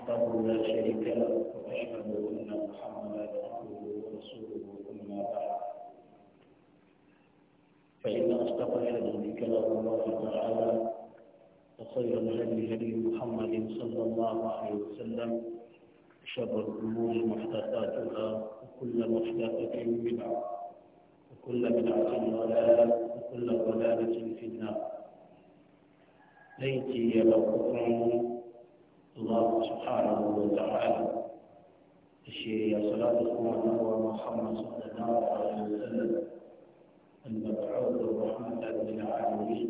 وحده لا شريك له وأشهد أن محمدا عبده ورسوله أما بعد فإن أصدق الحديث كلام الله تعالى وخير الهدي هدي محمد صلى الله عليه وسلم شر الأمور محدثاتها وكل محدثة بدعة وكل بدعة ضلالة وكل ضلالة في النار ليتي لو لو الله سبحانه وتعالى الشيء يا صلاة إخواننا ومحمد صلى الله عليه وسلم المبعوث الرحمة للعالمين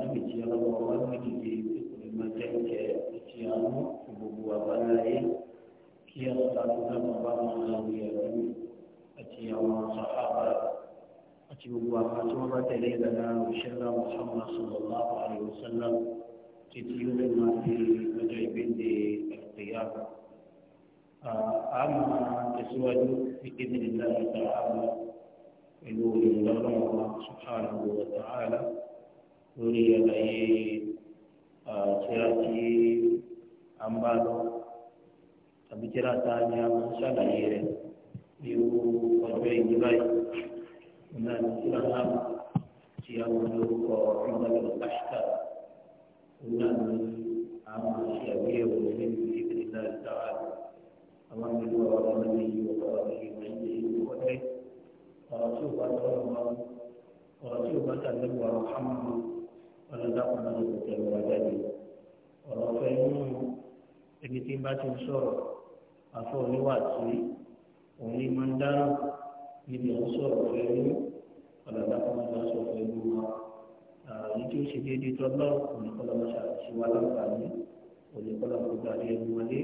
نمت يا رب ومنك في كل ما تلك اتيانه وبوا بلاي كي صلاة الله عليه وسلم أتيانه صحابة أتي أتيانه ما تورت لنا وشر محمد صلى الله يا رب títí yóò fi máa di ọjọ́ ìgbéǹde ìyáàbọ̀. a máa tẹ̀síwájú fíkẹ́ ní ìlà ìta pẹ̀lú ìlọ́lọ́wọ́ subhanahu wa ta'ala lórí àlàyé tíra tí a ń bá lọ tàbí tíra tá a ní a máa ṣàlàyé rẹ̀ ní irú ọjọ́ ìdí báyìí. Ìlànà tíra náà ti àwọn olórúkọ ìgbàlódé báyìí. ونعمل عمل شعبية ونعمل بإذن الله تعالى اللهم صل على النبي وصحبه وسلم وبارك ورسول الله ورسول الله محمد ورزقنا التوبة ورفعنا ẹni tí bá ti ń sọ̀rọ̀ afọ oníwà tí òun ní máa ń dáná níbi à ń sọ̀rọ̀ fẹ́ẹ́ ní ọ̀làdàkùnrin lọ́sọ̀fẹ́ gbogbo wa èyí tí ó ṣe déédéé tó lọ olùkọ́lọ́mọ ṣàṣì wà láǹfààní olùkọ́lọ́mọ gbogbo àti ẹni wọlé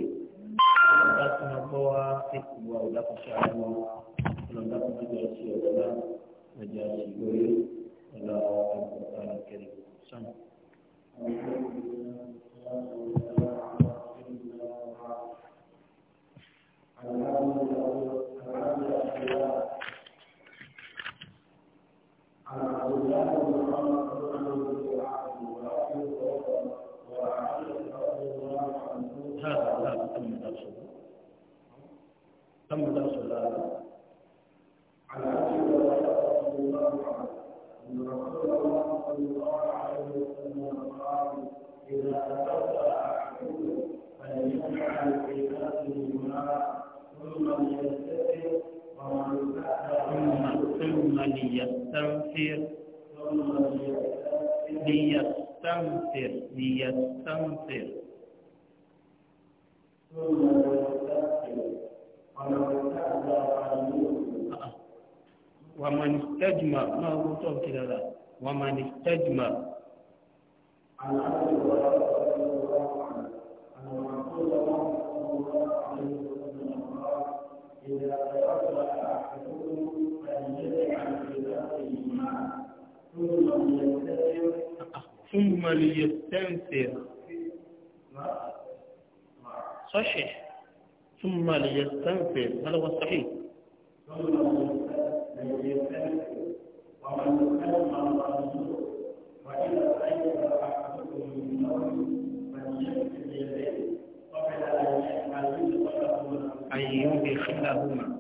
ọ̀dà tí wọ́n gbọ́ wá ẹ̀kú wa ọ̀dà kan ṣe àwọn ọlọ́dà kan tó jẹ́ náà ọjà ṣì lórí ọ̀dà ọ̀dà kẹrin sàn. Thank you. تم درس هذا على أجل رسول الله أن رسول الله صلى الله عليه وسلم قال إذا توضأ أحدكم فليجعل في ماء ثم ليتسع ثم ليستنفر ليستنفر ليستنفر ومن استجمع ما هو طب كده لا ومن استجمع عن عبد الله رضي الله عنه أن رسول الله صلى الله عليه وسلم إذا أحدكم ثم ليستنفر ثم ليستنفر صحيح ثم ليستنفر هذا هو الصحيح ثم ليستنفر ومن كان الله وإذا أيقظ أحدكم من نومه فليستنفر أن يدخلهما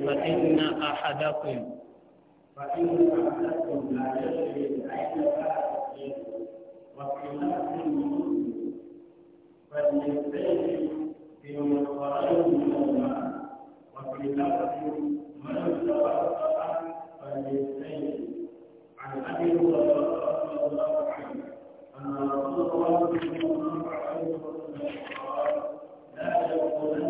فإن أحدكم فإن أحدكم لا يدري أين أحدكم المسلم فليستيقظ في من الماء وفي لفظ من فليستيقظ عن أبي هريرة الله عنه أن رسول الله صلى الله عليه وسلم قال لا يدخلن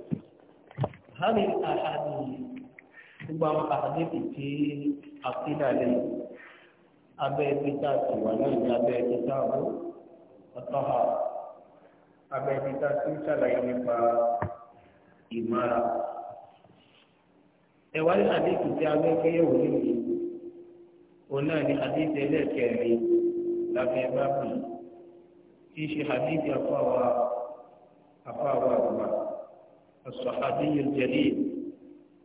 hàmì àhàmì gbogbo àwọn àhàmì tí a fi dàlẹ́ abẹ́ títà tí wà lẹ́yìn abẹ́ títà àbò ọ̀tọ́hà abẹ́ títà tí ń ṣàlàyé nípa ìmára. ẹ̀wá ní àdéhùn tí a gbẹ́kẹ́ yẹ̀wò nínú òun náà ni àdéhùn ẹlẹ́ẹ̀kẹrin lábẹ́ bábùlì tí í ṣe àdéhùn afọ́ àwa àfọ́ àwa àgbà. الصحابي الجليل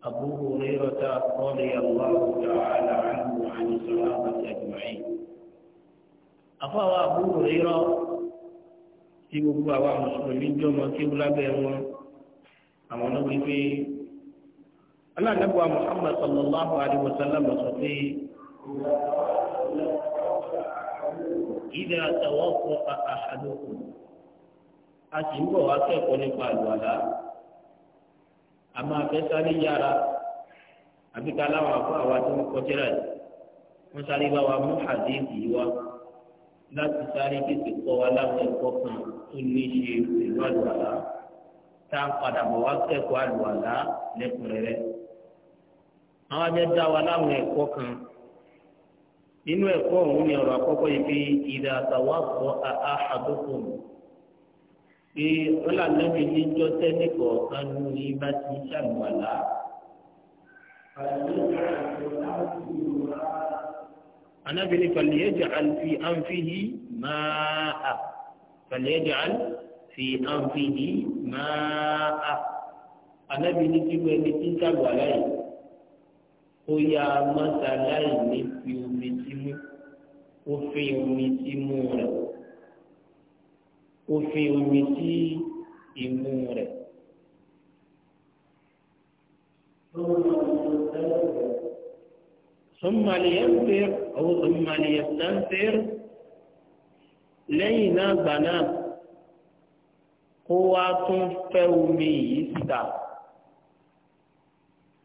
أبو هريرة رضي الله تعالى عنه وعن الصحابة أجمعين أفوى أبو هريرة tí gbogbo àwa mùsùlùmí jọmọ tí ó lábẹ́ wọn àwọn náà wípé aláàdábọ̀ Muhammad sallallahu alayhi wa sallam sọ pé ìdá àtàwọn ọkọ̀ àhàdókò a sì ń bọ̀ wá kẹ́kọ̀ọ́ nípa àlùwàlá àmọ́ afẹ́sá ní yàrá àbí ká láwọn afọ àwa tó ń kọjá yìí wọ́n sáré bá wa mú àdéhùn yìí wá láti sáré tètè kọ́ wa láwọn ẹ̀kọ́ kan tó ní í ṣe pẹ̀lú àlùwàlá tá a padà bọ̀ wá kẹ́kọ̀ọ́ àlùwàlá lẹ́kùnrẹ́rẹ́. àwọn abẹ́ dá wa láwọn ẹ̀kọ́ kan nínú ẹ̀kọ́ òun ni ọ̀rọ̀ àkọ́kọ́ yìí pé ìdá àtàwọn àkọ́ àhàdókòmù pé ọlànàbí níjọ tẹ́lẹ̀ kọ̀ọ̀kan ní ibà ti ṣàgbọ̀lá. anábìrin fàlẹ́jẹ̀ àlùfí àǹfìhì máa à fàlẹ́jẹ̀ àlùfí àǹfìhì máa à anábìrin tí wọ́n ẹni tí ń ṣàgbọ̀lá yìí ó yá mọ́sálá yìí ní fi omi sí mú ó fi omi sí mú rẹ̀ ó fi omi sí imú rẹ̀. ثم لينفر أو ثم ليستنفر lẹ́yìn náà gbà náà kó wá tún fẹ́ omi yìí síta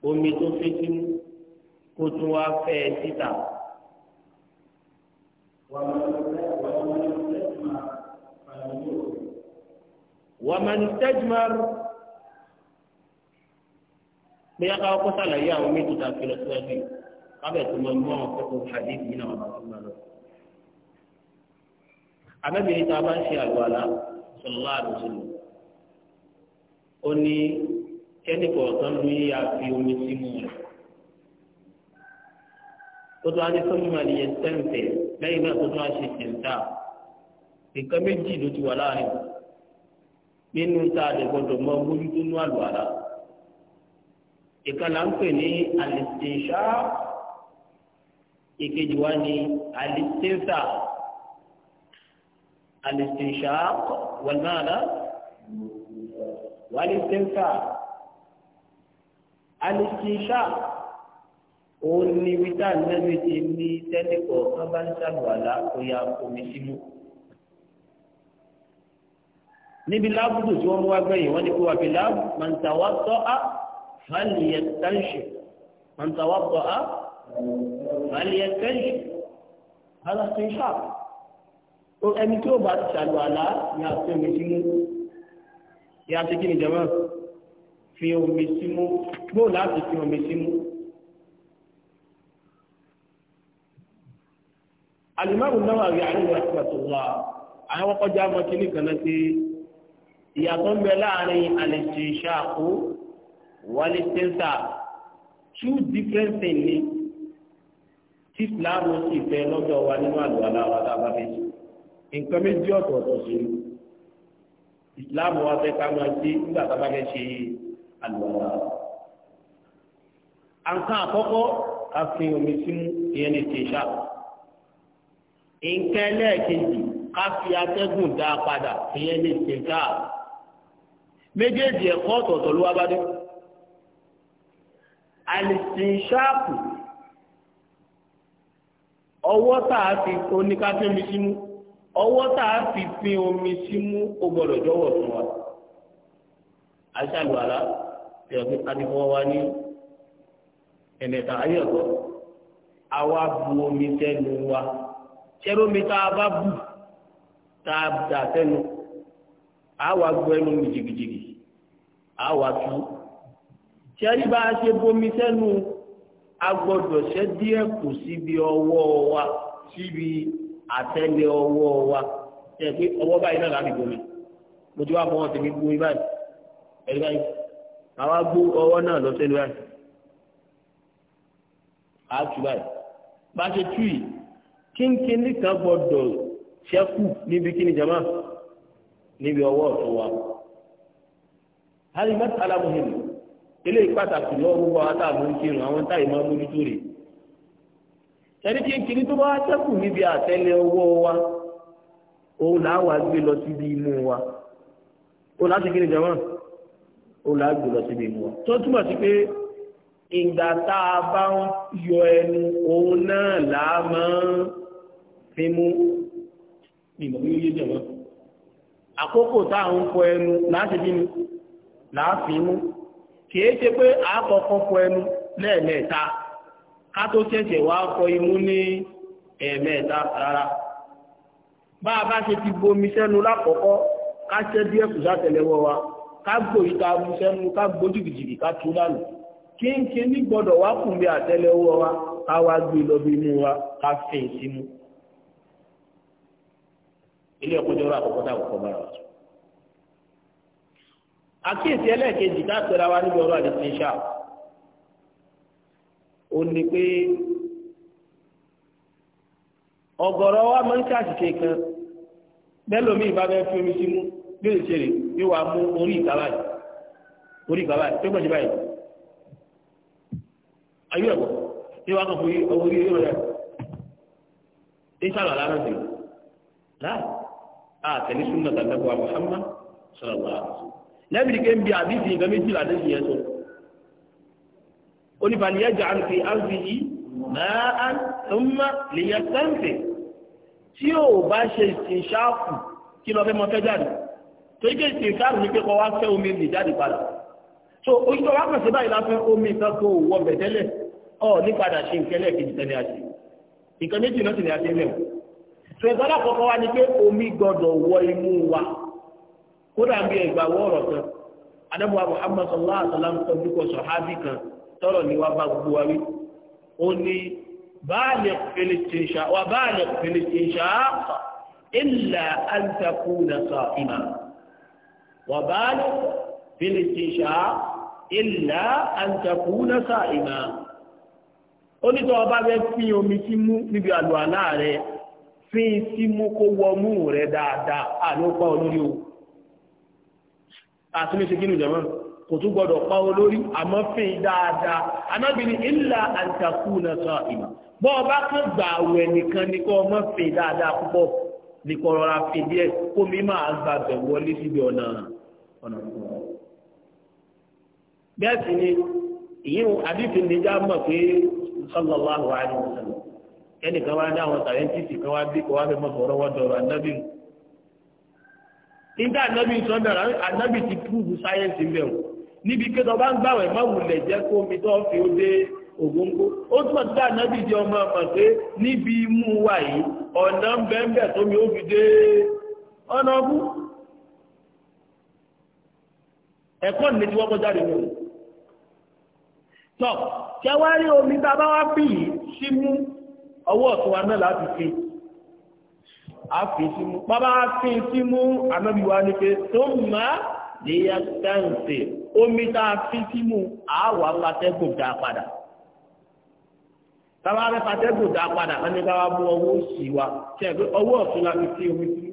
omi tó fi sí kó tún wá fẹ́ síta. wàá lọ sí ẹ. wàmán tẹ́jmar bóyá ká kó sàlàyé àwọn méjì tá a fi lọ síwájú yìí kábẹ̀ tó máa mú àwọn kókó hadith yìí náà wà fún wa lọ. anábìrin tá a bá ń ṣe àlùwàlá sallallahu alaihi wasallam ó ní kẹ́ni kọ̀ọ̀kan ló yẹ àfi omi sí mu rẹ̀ tó tó á ní sọ́mùmá lẹ́yìn náà tó tó á nǹkan méjì ló ti wà láàrin nínú tá a lè gbọdọ̀ mọ mójútó ní àlùwàlá ìkànnà ń pè ní àlìsíṣá ìkejì wa ní àlìsíṣá àlìsíṣá wàlúmọ́ra wàlìsíṣá àlìsíṣá òun ni wíjà nínú ti ní tẹ́lẹ̀ kọ̀ọ̀kan bá kó yá omi símú níbi lábùdù tí wọ́n mú wá gbẹ̀yìn wọ́n ní kó wà fi láàbù màǹtàwá tọ́ á fàlìyẹ tẹ́ǹṣì màǹtàwá tọ́ á fàlìyẹ tẹ́ǹṣì aláṣẹ ṣáàpù ẹni tí ó bá ti ṣàlù àlá ni a fi omi símú ni a ti kí ni jẹ̀mọ́ fi omi símú gbóò láti fi omi símú. alimami náà wà rí àárín ìgbà tó wà àwọn kọjá mọ́kínì kan náà ti ìyàtọ̀ ń bẹ láàrin al-istinshaq wal-istinsaq two different things ni tí fúlàmù sì fẹ́ lọ́dọ̀ wa nínú àlùwàlá wa tá a bá fẹ́ ṣe nǹkan méjì ọ̀tọ̀ọ̀tọ̀ sí i ìsìláàmù wa fẹ́ ká máa ṣe nígbà tá a bá fẹ́ ṣe àlùwàlá wa. àǹkan àkọ́kọ́ ká fi omi símú ìyẹn ní ṣèṣà nǹkan ẹlẹ́ẹ̀kejì ká fi atẹ́gùn dá padà ìyẹn ní ṣèṣà méjèèjì ẹ̀kọ́ ọ̀tọ̀ọ̀tọ̀ ló wá bá dé àlìsínsàpù ọwọ́ tá a fi oníkàfẹ́ mi símú ọwọ́ tá a fi fi omi símú ó gbọ́dọ̀ jọ̀wọ́ fún wa aṣáájú àlá tí ọ̀gbìn adìfọwọ́ wa ní ẹ̀mẹ̀ta ayé àwa bu omi tẹnu wa ṣẹ́rómi tá a bá bù tá a dà tẹnu àwa gbọ́ ẹnu mi jìgìjìgì àwàtú ṣẹ́rí bá a ṣe bomi sẹ́nu agbọ́dọ̀ ṣẹ́ díẹ̀ kù síbi ọwọ́ wa síbi àtẹ́lẹ̀ ọwọ́ wa ṣe pé ọwọ́ báyìí náà láti bomi mo ti wá fọwọ́ tèmi bomi báyìí ẹ̀rí báyìí àwa gbó ọwọ́ náà lọ sẹ́nu báyìí àtú báyìí bá ṣe tú yìí kínkínní kan gbọ́dọ̀ ṣẹ́kù níbi kíni jama níbi ọwọ́ ọ̀tún wa hali mẹ́tàlá muhim eléyìí pàtàkì lọ́wọ́ ata àwọn táàmù ń kírun àwọn táì máa mójú tó rè ẹni tí ń kiri tó bá sẹ́kù níbi àtẹ́lẹ ọwọ́ wa òun là wà gbé lọ síbi imú wa òun láti kiri jẹ wọn òun là gbé lọ síbi imú wa tó túmọ̀ sí pé ìgbà tá a bá ń yọ ẹnu òun náà là máa ń fi mú ìmọ̀ bí ó yé àkókò tá à ń kọ ẹnu láti bí mi láàfin mú kìí ṣe pé àkọ́kọ́ fọ ẹnu lẹ́ẹ̀mẹ́ta ká tó ṣẹ̀ṣẹ̀ wá fọ imú ní ẹ̀ẹ̀mẹ́ta rárá bá a bá ṣe ti bomi sẹ́nu lákọ̀ọ́kọ́ ká ṣẹ́ díẹ̀ kù sátẹ̀lẹ́wọ́ wa ká gbò ìta mu sẹ́nu ká gbó jìgìjìgì ká tú lánà kíńkín ní gbọ́dọ̀ wá kùn bí àtẹ́lẹ́wọ́ wa ká wá gbé lọ bí inú wa ká fèé símú ilé ọkọjọ́rọ̀ àkọ́kọ́ tá àkọ́kọ́ bára wa sọ àkíyèsí ẹlẹ́ẹ̀kejì tá a pèrè wa níbi ọ̀rọ̀ àdìsínṣà ó ní pé ọ̀gọ̀rọ̀ wa máa ń ṣàṣìṣe kan bẹ́lómi ìbá bẹ́ẹ̀ fi omi sí mú bí ó ṣe rè bí wàá mú orí ìka báyìí orí ìka báyìí tó gbọ́dọ̀ ṣe báyìí ayé ẹ̀kọ́ bí wàá kàn fún orí ẹ̀rọ rẹ̀ ìṣàlọ̀ lára sí i láà àtẹ̀lé súnmọ́ tàbí ẹ̀kọ́ àbúhámà sọ̀rọ̀ wàá sọ̀rọ̀ lẹ́bi ké ń bi àdìsí nǹkan méjì làdìsí yẹn sọ onífàníyẹ jà ń fi áńfì yìí máa án ńmá lèyẹn sẹ́ǹfì tí ò bá ṣe ìṣáàfù kí lọ fẹ́ mọ fẹ́ jáde torí pé ìṣáàfù ní pé kọ́ wá fẹ́ omi lè jáde padà so oṣù tó wá kàn sí báyìí láfẹ́ omi nǹkan tó wọ bẹ̀tẹ́lẹ̀ ọ̀ ní padà ṣe nǹkan lẹ́ẹ̀kejì tẹ́lẹ̀ àti nǹkan méjì náà sì ní àti ẹ̀mẹ̀ o ni pé omi gbọ́dọ̀ wọ imú wa kódà bí ẹgbà wọ́ọ̀rọ̀ kan anábọ̀ Muhammad sallallahu alaihi wasallam tọ́jú kọ sọ̀hábì kan tọ́rọ̀ ni wá bá gbogbo wa wí ó ní báàlẹ̀ fèlìtìṣà wà báàlẹ̀ fèlìtìṣà ìlà àǹtakù nà sọ ìmà wà báàlẹ̀ fèlìtìṣà ìlà àǹtakù nà sọ ìmà ó ní tọ́ ọba fẹ́ fi omi sí mú níbi àlùwàlá rẹ̀ fi sí mú kó wọ mú rẹ̀ dáadáa àlọ́ pa olórí o àtúnṣe kínú jẹ̀mọ́ kò tún gbọ́dọ̀ pa olórí àmọ́ fi dáadáa anábìrin ìlà àǹtakù náà sọ ìmọ̀ bọ́ ọba kan gbà àwẹ̀ nìkan ni kọ́ ọmọ fi dáadáa púpọ̀ ní kọ́ rọra fi díẹ̀ kó mi máa gbà bẹ̀ wọlé síbi ọ̀nà ọ̀nà fún ọ. bẹ́ẹ̀ sì ni ìyí àdìsìn ní mọ̀ pé sallallahu alaihi wasallam ẹnìkan wá ní àwọn sàrẹ́ntìsì kan wá bí kò wá fẹ́ mọ̀ fọ̀rọ̀ wọ́dọ̀rọ̀ níta ànábì sọ bẹ̀rẹ̀ ànábì ti púùbù sáyẹ́ǹsì bẹ̀ wò níbi kí tó bá ń gbàwẹ̀ má wulẹ̀ jẹ́ kó omi tó fi ó dé ògóńgó ó túmọ̀ sí ànábì jẹ́ ọmọ ọmọ pé níbi imú wa yìí ọ̀nà ń bẹ́ẹ̀ bẹ́ẹ̀ tómi ó fi dé ọ̀nà ọ̀bú ẹ̀kọ́ ní tí wọ́n kọjá rẹ̀ lọ. tọ́ kẹwàá rí omi tá a bá wá pì yìí símú ọwọ́ ọ̀tún wa náà láti fi àfìsímú bàbá àfìsímú ànábìwá ní pé tó má lè yá tẹ́ǹsì omi tá a fi símú àáwà pàtẹ́gùn dá padà tábà bẹ pàtẹ́gùn dá padà wọn ni káwá mú ọwọ́ òsì wa tí ẹ ọwọ́ ọ̀tún la fi sí omi sí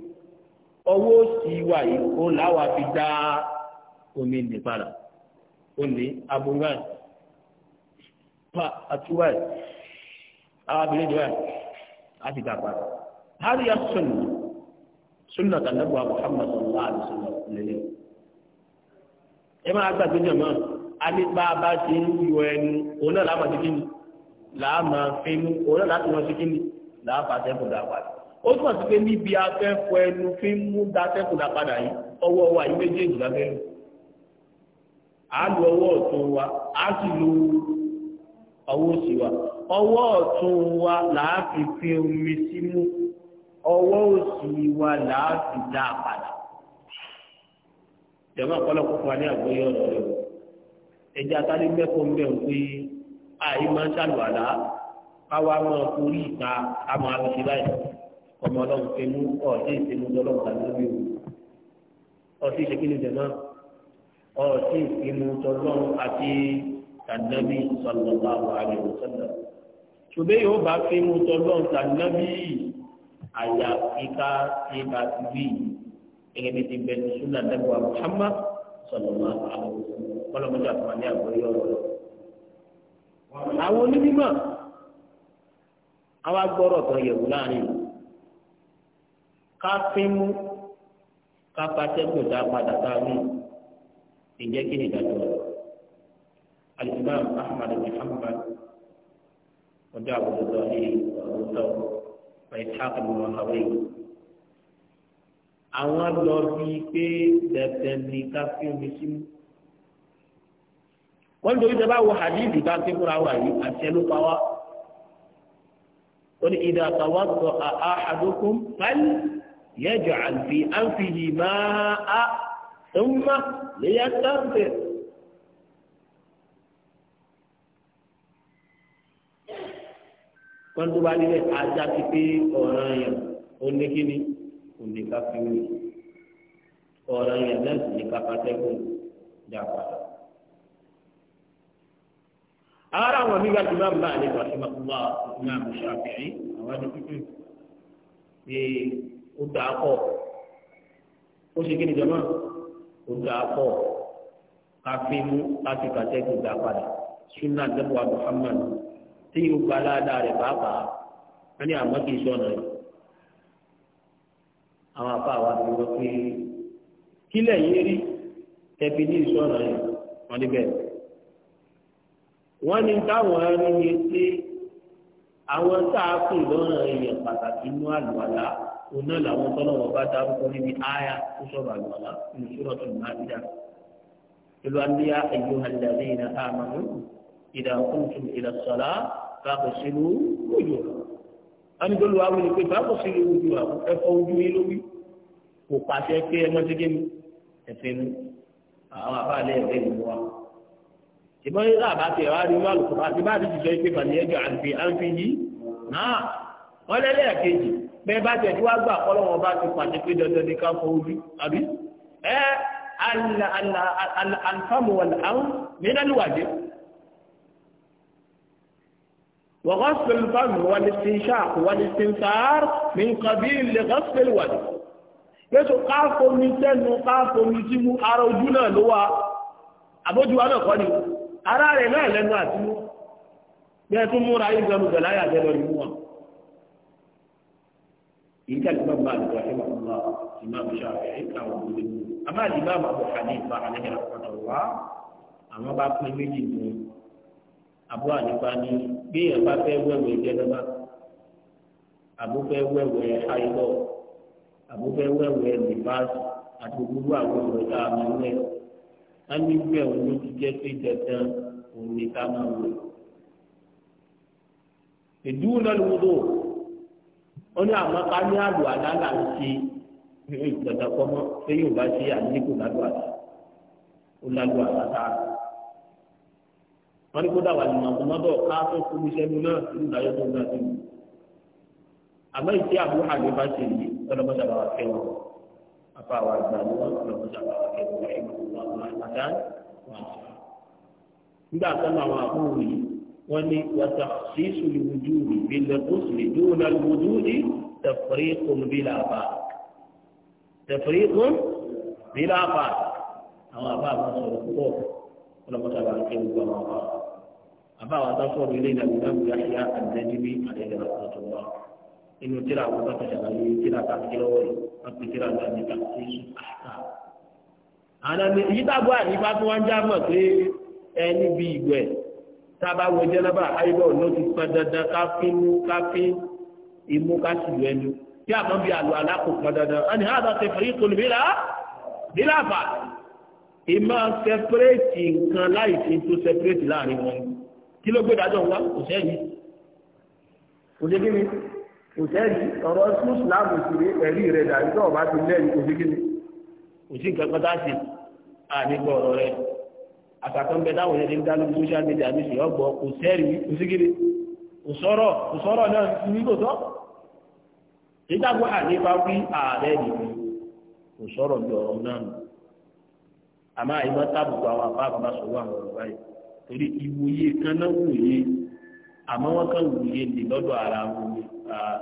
ọwọ́ òsì wa yìí ó làwà fi dá omi nì padà ó ní aburúwà pa àtúwà àwọn abìlẹ̀ ìdíwà yìí dá padà. هذه السنة سنة النبوة محمد صلى الله عليه وسلم lélẹ̀ ẹ máa gbàgbé jẹ̀ mọ́ alípa bá ti ń yọ ẹnu òun náà láàmà sí kíni láàmà fi mú òun náà láti wọn sí kíni láàpá tẹ́kùn dà padà ó túmọ̀ sí pé níbi afẹ́fọ́ ẹnu fi mú dá tẹ́kùn dà padà yìí ọwọ́ wa yìí méjèèjì lábẹ́ lò á lu ọwọ́ ọ̀tún wa á sì lu ọwọ́ òsì wa ọwọ́ ọ̀tún wa làá fi fi omi sí mú ọwọ́ òsì wa làá fi dá a padà jẹ̀mọ́ ọ̀pọ̀lọpọ̀ fún wa ní àgbóyé ọ̀rọ̀ rẹ̀ o ẹ̀jẹ̀ atálé mẹ́kọ̀ọ́ ń bẹ̀ ń pé àyè máa ń ṣàlùwàlá káwa máa forí ìta ká máa lọ sí báyìí ọmọ ọlọ́run fẹ́ mú ọ̀ọ́dẹ́ ìfẹ́mú ọlọ́run tàbí lórí òun ọtí ìṣe kí ni jẹ̀mọ́ ọtí ìfẹ́mú ọlọ́run àti tànàbí sallallahu alaihi wasallam ṣùgbẹ́ yóò bá fẹ́mú ọlọ́run tànàbí yìí àyàfi ika ika bá ingin wí gẹ́gẹ́ bí ti bẹ ní sunna Kalau Muhammad sọlọ́mà àwọn kọ́lọ́mọdé àtúmọ̀lé àgbọ̀yé ọ̀rọ̀. àwọn onímọ̀ àwọn agbọ́rọ̀ kan yẹ̀wò láàrin ká fínú ká pàṣẹ́kù dá padà sáré ìjẹ́ kí nìdájọ́ Ahmad Muhammad ọjọ́ àbúrò lọ́ọ́ ní ọ̀rọ̀ sọ́wọ́. وإسحاق المراقبين àwọn lọ bí pé dẹ̀dẹ̀ ní ká fi omi sí mú wọ́n ń dorí tẹ́ bá wo hadithi bá ké fúnra wà yìí àti ẹlú pa wá ó ní ìdá àtàwọn sọ àádókùn pálí yẹjọ àti àǹfìyì máa á ń má lè yá wọn tó bá nílẹ̀ ajá ti pé ọ̀ràn yẹn oníkíní oníkàfíwì ọ̀ràn yẹn náà sì ní kápákẹ́kọ̀ọ́ dà padà. ara àwọn bíbá ti máa ń bá àlejò àti màkúwà ní àmúṣe àfẹ́rí àwọn adókòtò ṣe ó dà á pọ̀ ó ṣe kí ni jọmọ́ ó dà á pọ̀ káfíńmú láti kàtẹ́kù dà padà sunna àdébùwà Muhammadu tí yóò gba aláàdáa rẹ̀ pàápàá wọ́n ní àmọ́ kì í sọ̀nà rẹ̀ àwọn afá wa ti wọ́n pé kílẹ̀ yìí rí tẹ̀bi ní ìsọ̀nà rẹ̀ wọ́n níbẹ̀. wọ́n ní táwọn ẹni yẹn tí àwọn tá a kù lọ́rùn èèyàn pàtàkì inú àlùwàlá òun náà làwọn tọ́lọ́wọ́ bá dárúkọ níbi áyà tó sọ̀rọ̀ àlùwàlá nínú sùúrọ̀tù Máídà. ìlú àlùyá ayyuhal ladhina amanu idha qumtum ila as-salati fàkọsílù ojú anidolu awo ni pé fàkọsílù ojú àwọn ẹfọ ojú yín lórí kò pàṣẹ pé ẹ mọ tẹgẹ mi ẹfẹ mi àwọn abáàlẹ ẹfẹ mi wá ìbọn yìí láàbá tẹ wá rí wá lùkọ́ àti bá ti sọ pé fàní ẹjọ́ àlùfẹ́ àlùfẹ́ yìí náà wọ́n lẹ́lẹ́ kejì bẹ́ẹ̀ bá tẹ̀ tí wá gbà kọ́lọ́wọ́ bá ti pàṣẹ pé dandan ní ká fọ ojú àbí ẹ alfamu wal awn min al wajib. وغسل الفم والاستنشاق والاستنثار من قبيل لغسل الوجه yẹ́sù من mi tẹ́nu káàkó mi tí mú ara ojú náà ló wá àbójúwá náà kọ́ ni ara rẹ̀ náà lẹ́nu àti mú bẹ́ẹ̀ tún múra yìí gbẹ̀mú gbẹ̀lá yà jẹ́ lọ ní wọn. èyí ká ìgbà bá àdúrà ẹ̀ máa ń bá ìmá mi ṣàfẹ́ ẹ̀ ká wọn lóde mú. àmọ́ àdìbá àmọ́ àbọ̀ àdé ìgbà àlẹ́ yàrá pàtàkì wá àwọn bá pín méjì nìyẹn àbúrò àdìpá ni bí èèyàn bá fẹ́ wẹ̀wẹ̀ jẹ́dọ́bà àbú fẹ́ wẹ̀wẹ̀ ayọ̀ àbú fẹ́ wẹ̀wẹ̀ nìbáàsì àti gbogbo àwọn ọ̀rọ̀ tá a máa ń wẹ̀ á ní bẹ́ẹ̀ òun ló ti jẹ́ pé dandan òun ni ká máa wẹ̀. ìdúró náà ló ó ní àmọ́ ká àlò àlálà ń ṣe ìgbàdàkọ́mọ́ pé yóò bá ṣe àlékún lálọ́ ó lálọ́ àlá wọ́n ní kódà wà ní ọ̀gbọ́n mọ́tò káàtó fún iṣẹ́ mi náà nínú ìdájọ́ tó ń dá sí mi. àmọ́ ìṣe àbúrò àgbẹ̀ bá ṣe yìí ọlọ́mọṣà bá wà fẹ́ wọn apá àwọn àgbà ni wọ́n ọlọ́mọṣà bá wà fẹ́ wọn nígbà tó ń àwọn àbúrò yìí wọ́n ní wàtà ṣíṣù ìwòjú rí bílẹ̀ tó sì dúró náà ìwòjú ọlọ́mọta bá ń ké gbogbo àwọn ọba àbá àwọn atọ́sọ̀rọ̀ ilé ìlànà ìdáàbò yáyá àdẹ́nibí àdẹ́gbẹ̀rẹ̀ àtọ̀tọ̀wá inú tíra àwọn tó tẹ̀sán lórí tíra káàkiri lọ́wọ́ yìí wọ́n pe tíra náà ní káàkiri àtà. àwọn àmì èyí tábọ̀ àyíká tó wọ́n já mọ̀ pé ẹ níbi ìgbẹ́ tába wọ jẹ́nàbà ayébọ̀ ló ti pọn dandan káfínú káfín imú kásìlú ẹnu tí àmọ́ bí àlọ́ alákòó dandan ẹni ìmọ̀ sẹpẹrẹtì nǹkan láì fi tó sẹpẹrẹtì láàrin wọn kí ló gbé dájọ́ wa kò sẹ́yìn kò sí kí ni kò sẹ́yìn ọ̀rọ̀ mùsùlùmí sì rí ẹ̀rí rẹ̀ dàbí tó ọba ti lẹ́yìn kò sí kí ni kò sí nǹkan kan dáṣe àníkọ ọ̀rọ̀ rẹ̀ àtàkùn bẹ táwọn ènìyàn dá lórí social media ní ìṣèyàn gbọ́ kò sẹ́yìn kò sí kí ni kò sọ̀rọ̀ kò sọ̀rọ̀ náà ní kò sọ ìdágbọ́ àníkà wí ààrẹ nìyí kò sọ̀rọ̀ àmọ́ àyíwá tábùkù àwọn àbá àbá sọ̀rọ̀ àwọn ọ̀rọ̀ báyìí torí ìwòye kan náà wòye àmọ́ wọ́n kàn wòye lè lọ́dọ̀ ara wọn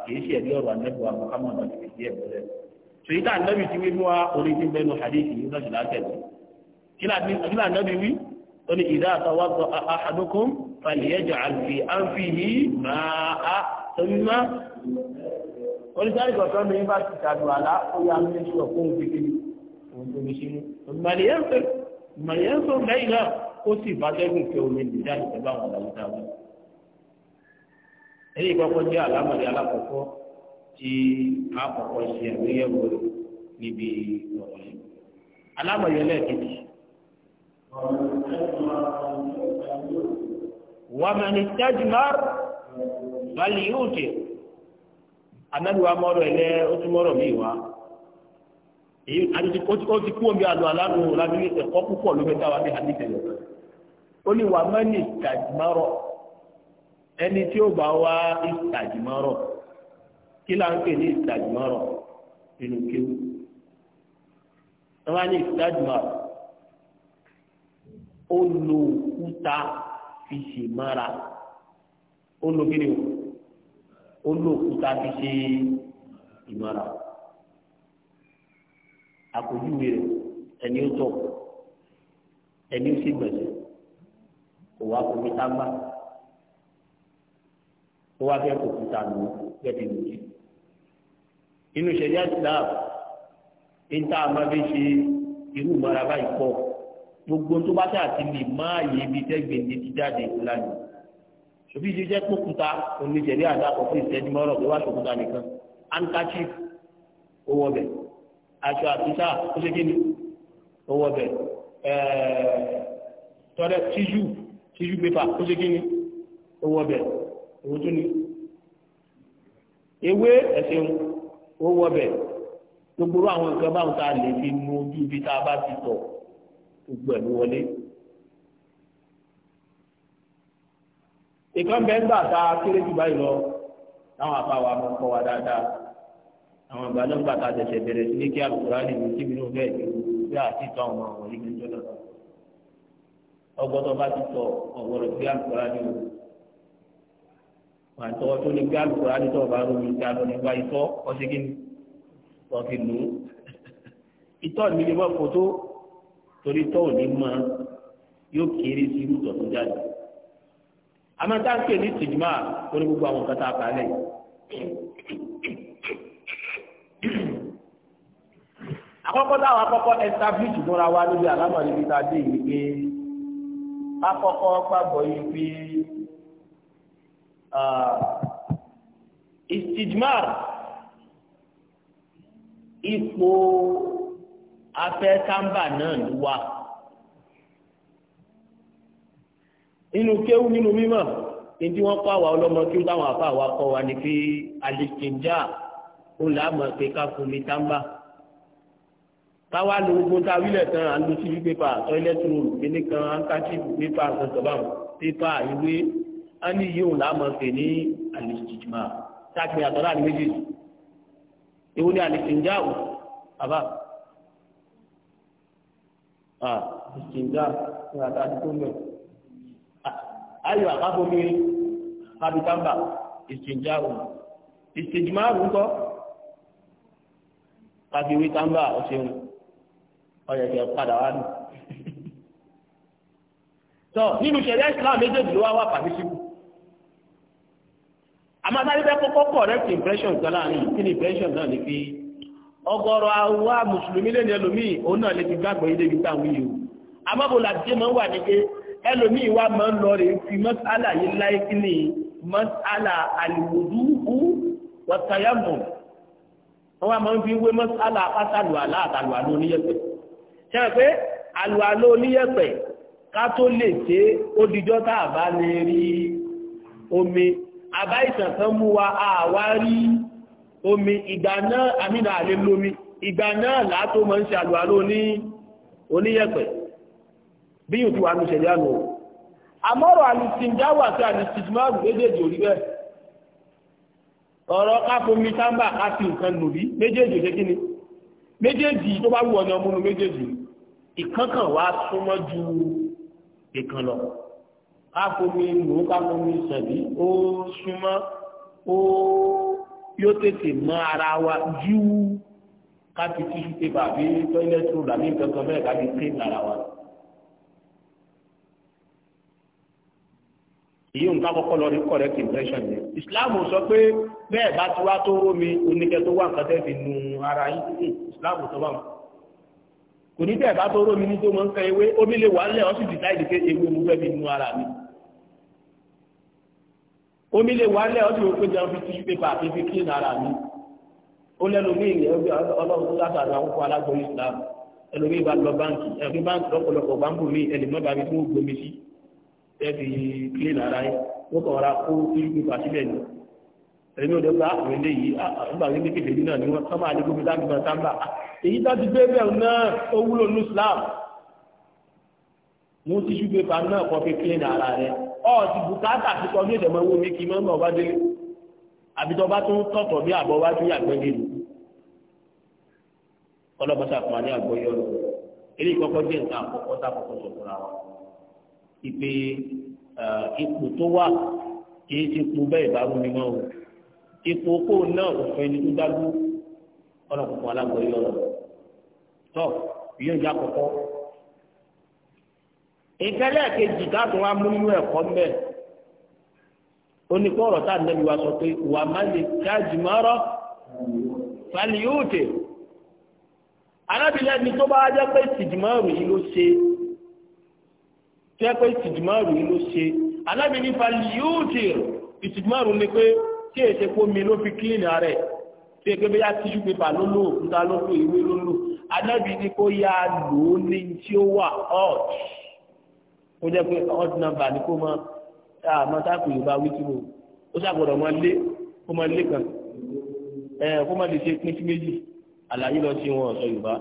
kìí ṣe ẹ̀rí ọ̀rọ̀ anẹ́bù wa muhammadu ti fi díẹ̀ bọ́lẹ̀ so yìí tá anẹ́bì ti wí wá orí tí ń bẹnu hadith yìí lọ́sùn látẹ̀lé kí lá anẹ́bì wí ó ní ìdá àtọwọ́tọ̀ ahadukum fàlìyẹ́jọ àti àǹfìhì máa tóbi má oníṣẹ́ ìgbọ̀tọ́ mi bá ti ṣàdùn àlá ó yá mi òun tó ní sí mú màlẹ́yẹ́sọ̀ lẹ́yìn náà ó jẹ́ àlámọ̀lé alákọ̀ọ́kọ́ tí a kọ́kọ́ ṣe àgbéyẹ̀wò rẹ̀ níbi ọ̀rọ̀ yìí. alámọ̀lé lẹ́ẹ̀kejì. wàmẹ̀ni tajmar baliyuti anabiwa mọ́rọ̀ ẹ̀lẹ́ ó tún mọ́rọ̀ wá èyí àti ó ti kú omi àlọ́ aláàbò lábílẹ̀ ẹ̀kọ́ púpọ̀ ló mẹ́ta wà ní àdìsẹ̀ lọ. ó ní wà mẹ́ni ìtàjìmọ́rọ̀ ẹni tí ó bá wá ìtàjìmọ́rọ̀ kí là ń pè ní ìtàjìmọ́rọ̀ nínú kéwù. wọ́n ní ìtàjìmọ́rọ̀ ó lo òkúta fi ṣe mọ́ra ó lo kíni ó lo òkúta fi ṣe ìmọ́ra àpòjúwe rẹ̀ ẹni ó tọ̀ ẹni ó sì gbẹ̀sẹ̀ kò wá fomi tágbà ó wá fẹ́ kò kúta nù gẹ́gẹ́ bí inú ìṣẹ̀lẹ̀ islam ní a máa fi ṣe irú ìmọ̀ra báyìí pọ̀ gbogbo tó bá ṣe àti lè má yé ibi tẹ́gbẹ̀ẹ́ ní ti jáde ìlànà òbí ti jẹ́ kókúta oníṣẹ̀lẹ̀ àdàkọ̀ fún ìṣẹ́jú mọ́rọ̀ tó wá ṣòkúta nìkan handkerchief ó wọ aṣọ àtúntà ó ṣe kíni owó ọbẹ̀ tọ́lẹ̀ tíjú tíjú pépà ó ṣe kíni owó ọbẹ̀ owó tó ní ewé ẹ̀sìn owó ọbẹ̀ gbogbo àwọn nǹkan báwọn tá a lè fi nu ojú ibi tá a bá ti tọ̀ gbogbo ẹ̀ ló wọlé. ìkan bẹ́ẹ̀ ń gbà tá a kéré jù báyìí lọ táwọn àbáwá mọ̀ kọ́ wa dáadáa àwọn àgbà náà gbàtà tẹ̀sẹ̀ bẹ̀rẹ̀ sí ní kí alùpùpù ní ìlú tíbi náà bẹ́ẹ̀ ju bí àti tọ́ àwọn ọmọ yìí ní jọ́nà lọ. ọgbọ́dọ̀ bá ti tọ ọ̀gbọ́dọ̀ bí alùpùpù ní o. wà á tọwọ́ tó lè bí alùpùpù ní tọ́ ọba lómi ìta lọ nípa ìtọ́ ọ̀ṣẹ́gin lọ fi lù ú. ìtọ́ mi ni wọ́n fòtó torí tọ́ ò ní mọ yóò kéré sí irú tọ̀ tó jáde. àmọ́ táǹkì ní tìjúmọ́ àkọ́kọ́ táwọn akọ́kọ́ establish múra wa níbi àlámọ̀rí bí ta dé yìí pé akọ́kọ́ gbàgbọ́ yìí pé istijmar ipò afẹ́ sáńbà náà ló wà inú kéwú nínú mímọ̀ ìdí wọn kọ́ àwa ọlọ́mọ kí táwọn àfa àwa kọ́ wa ni pé àlèkèjà ó làá pé ká fún mi sáńbà káwá lo gbogbo tá a wílẹ̀ tán à ń lo tv pépà tọ́ílẹ́tì rò kíní kan ankachifu pépà sọ̀tọ̀bàm pépà ìwé á ní yíò láàmọ̀ pè ní àlejìjìmá táàpì àtọ́lá ní méjèèjì èwo ni àlejìjìnjáwò bàbá àlejìjìnjá ní àtàkì tó mẹ́ ayò àkábomi kábítàmbà ìjìnjáwò ìjìnjìmá rúkọ kábíwí tàmbà ọ̀sẹ̀ wọn ọyọ kẹ padà wá nù. tọ nínú ṣẹ̀ríà Islam méjèèjì ló wá wà pàmísìkù. àmọ́ sáré fẹ́ kọ́kọ́ correct impression kan láàrin kí ni impression náà ni pé ọ̀gọ̀rọ̀ àwa mùsùlùmí lẹ́nu ẹlòmíì òun náà lè ti gbàgbọ́ yìí débi táwọn yìí o. àmọ́bò làdíje máa ń wà ní pé ẹlòmíì wa máa ń lọ rè fi mọ́sálà yìí láì kí ni mọ́sálà àlùwòdú hù wọ́tayàmù wọ́n wá máa ń fi wé mọ́sálà pátálù àlá àtàlù àlú oníyẹ̀pẹ̀ ṣe é pé àlùwàlá oníyẹ̀pẹ̀ ká tó lè ṣe ó dijọ́ tá bá lè rí omi àbá ìsàn mú wa àwa rí omi ìgbà náà àmìnà àlè lómi ìgbà náà látó mọ̀ ń ṣe àlùwàlá oní oníyẹ̀pẹ̀ bí yóò ti wà ní ìṣẹ̀lẹ̀ àná o àmọ́rọ̀ àlùsìndáwà àti àlùsìndáwà méjèèjì méjèèjì tó bá wù ọ ní ọmọ inú méjèèjì ìkankan wàá súnmọ́ ju ìkan lọ káfomi nù káfomi sẹ̀lí ó súnmọ́ ó yóò tètè mọ ara wa ju káfi tíṣu pépà bí tọ́ílẹ̀tì rò làbí nǹkan kan bẹ́ẹ̀ káfi tẹ́ ara wa èyí ń kákọ́kọ́ lọ rí correct impression yẹn islam sọ pé bẹ́ẹ̀ bá ti wá tó rómi oníkẹ́ tó wà nǹkan tẹ́ fi nu ara yín hmm, islam sọ bá kò ní bẹ́ẹ̀ bá tó rómi ní tó mọ́ ń fẹ́ ewé omi lè wà ńlẹ̀ mi omi lè wà ńlẹ̀ ọ́ sì wọ́n pé jẹun fi tissue paper àti fi clean ara mi ó lẹ́nu mí ìyẹn ọlọ́run tó látàrí àwọn kó alágbó islam ẹlòmíì bá lọ báńkì ẹ̀rí báńkì lọ́pọ̀lọpọ̀ báńkì mi ẹlòmíì bá mi tó tẹ́bi kílé lára yìí wọ́n kọ̀ ra kó irúgbìn pa sílẹ̀ ni ẹ̀mí ò dẹ́gbà ah, àwọn eléyìí ah, ah, nígbà wípé kékeré náà ni wọ́n kọ́ máa dégbò bíi dágbà sábà èyí tá ti gbé bẹ́ẹ̀ náà ó wúlò ní Islam mo ti ṣú pépà náà kọ́ fi kílé lára rẹ ọ̀ ti bùkátà ti kọ́ ní ìdẹ̀mọ̀ owó mi kì í mọ́ ọba délé àbítọ́ bá tún tọ̀tọ̀ bí àbọ̀ wájú yàgbẹ́ ìpè ipò tó wà kì í ti po bẹ́ẹ̀ bá rú mi mọ́ o ipò kó náà òfin ẹni tó dágbó ọ̀nà kọ̀ọ̀kan alágbó yìí ọ̀rọ̀ tọ́ yóò ń já kọ̀kọ́. ìkẹlẹ́ kejì táàtún wa mú nínú ẹ̀kọ́ mbẹ́ oníkó ọ̀rọ̀ tá à ń dẹ́bi wa sọ pé wà má lè káàdì mọ́rọ́ fàlì yóò tè alábìlẹ́ni tó bá wá jẹ́ pé tìjìmọ́rù yìí ló ṣe tẹ́ pé ìtìjìmáàrù yìí ló ṣe alábi ní fàlíyùtì ìtìjìmáàrù ni pé tí èsè kó mi ló fi clean rẹ̀ tí èké bí yá tíṣù pépà ló lò òkúta ló lò ìwé ló lò alábi ní kó yá lò ó ní tí ó wà odd ó jẹ́ pé odd number ni kó mọ àmọ́ sáàpù yorùbá wíkì ó ṣàgbọ̀dọ̀ mọ́ lé kó mọ́ lé kan kó mọ́ lè ṣe pín méjì àlàyé lọ sí wọn ọ̀sọ́ yorùbá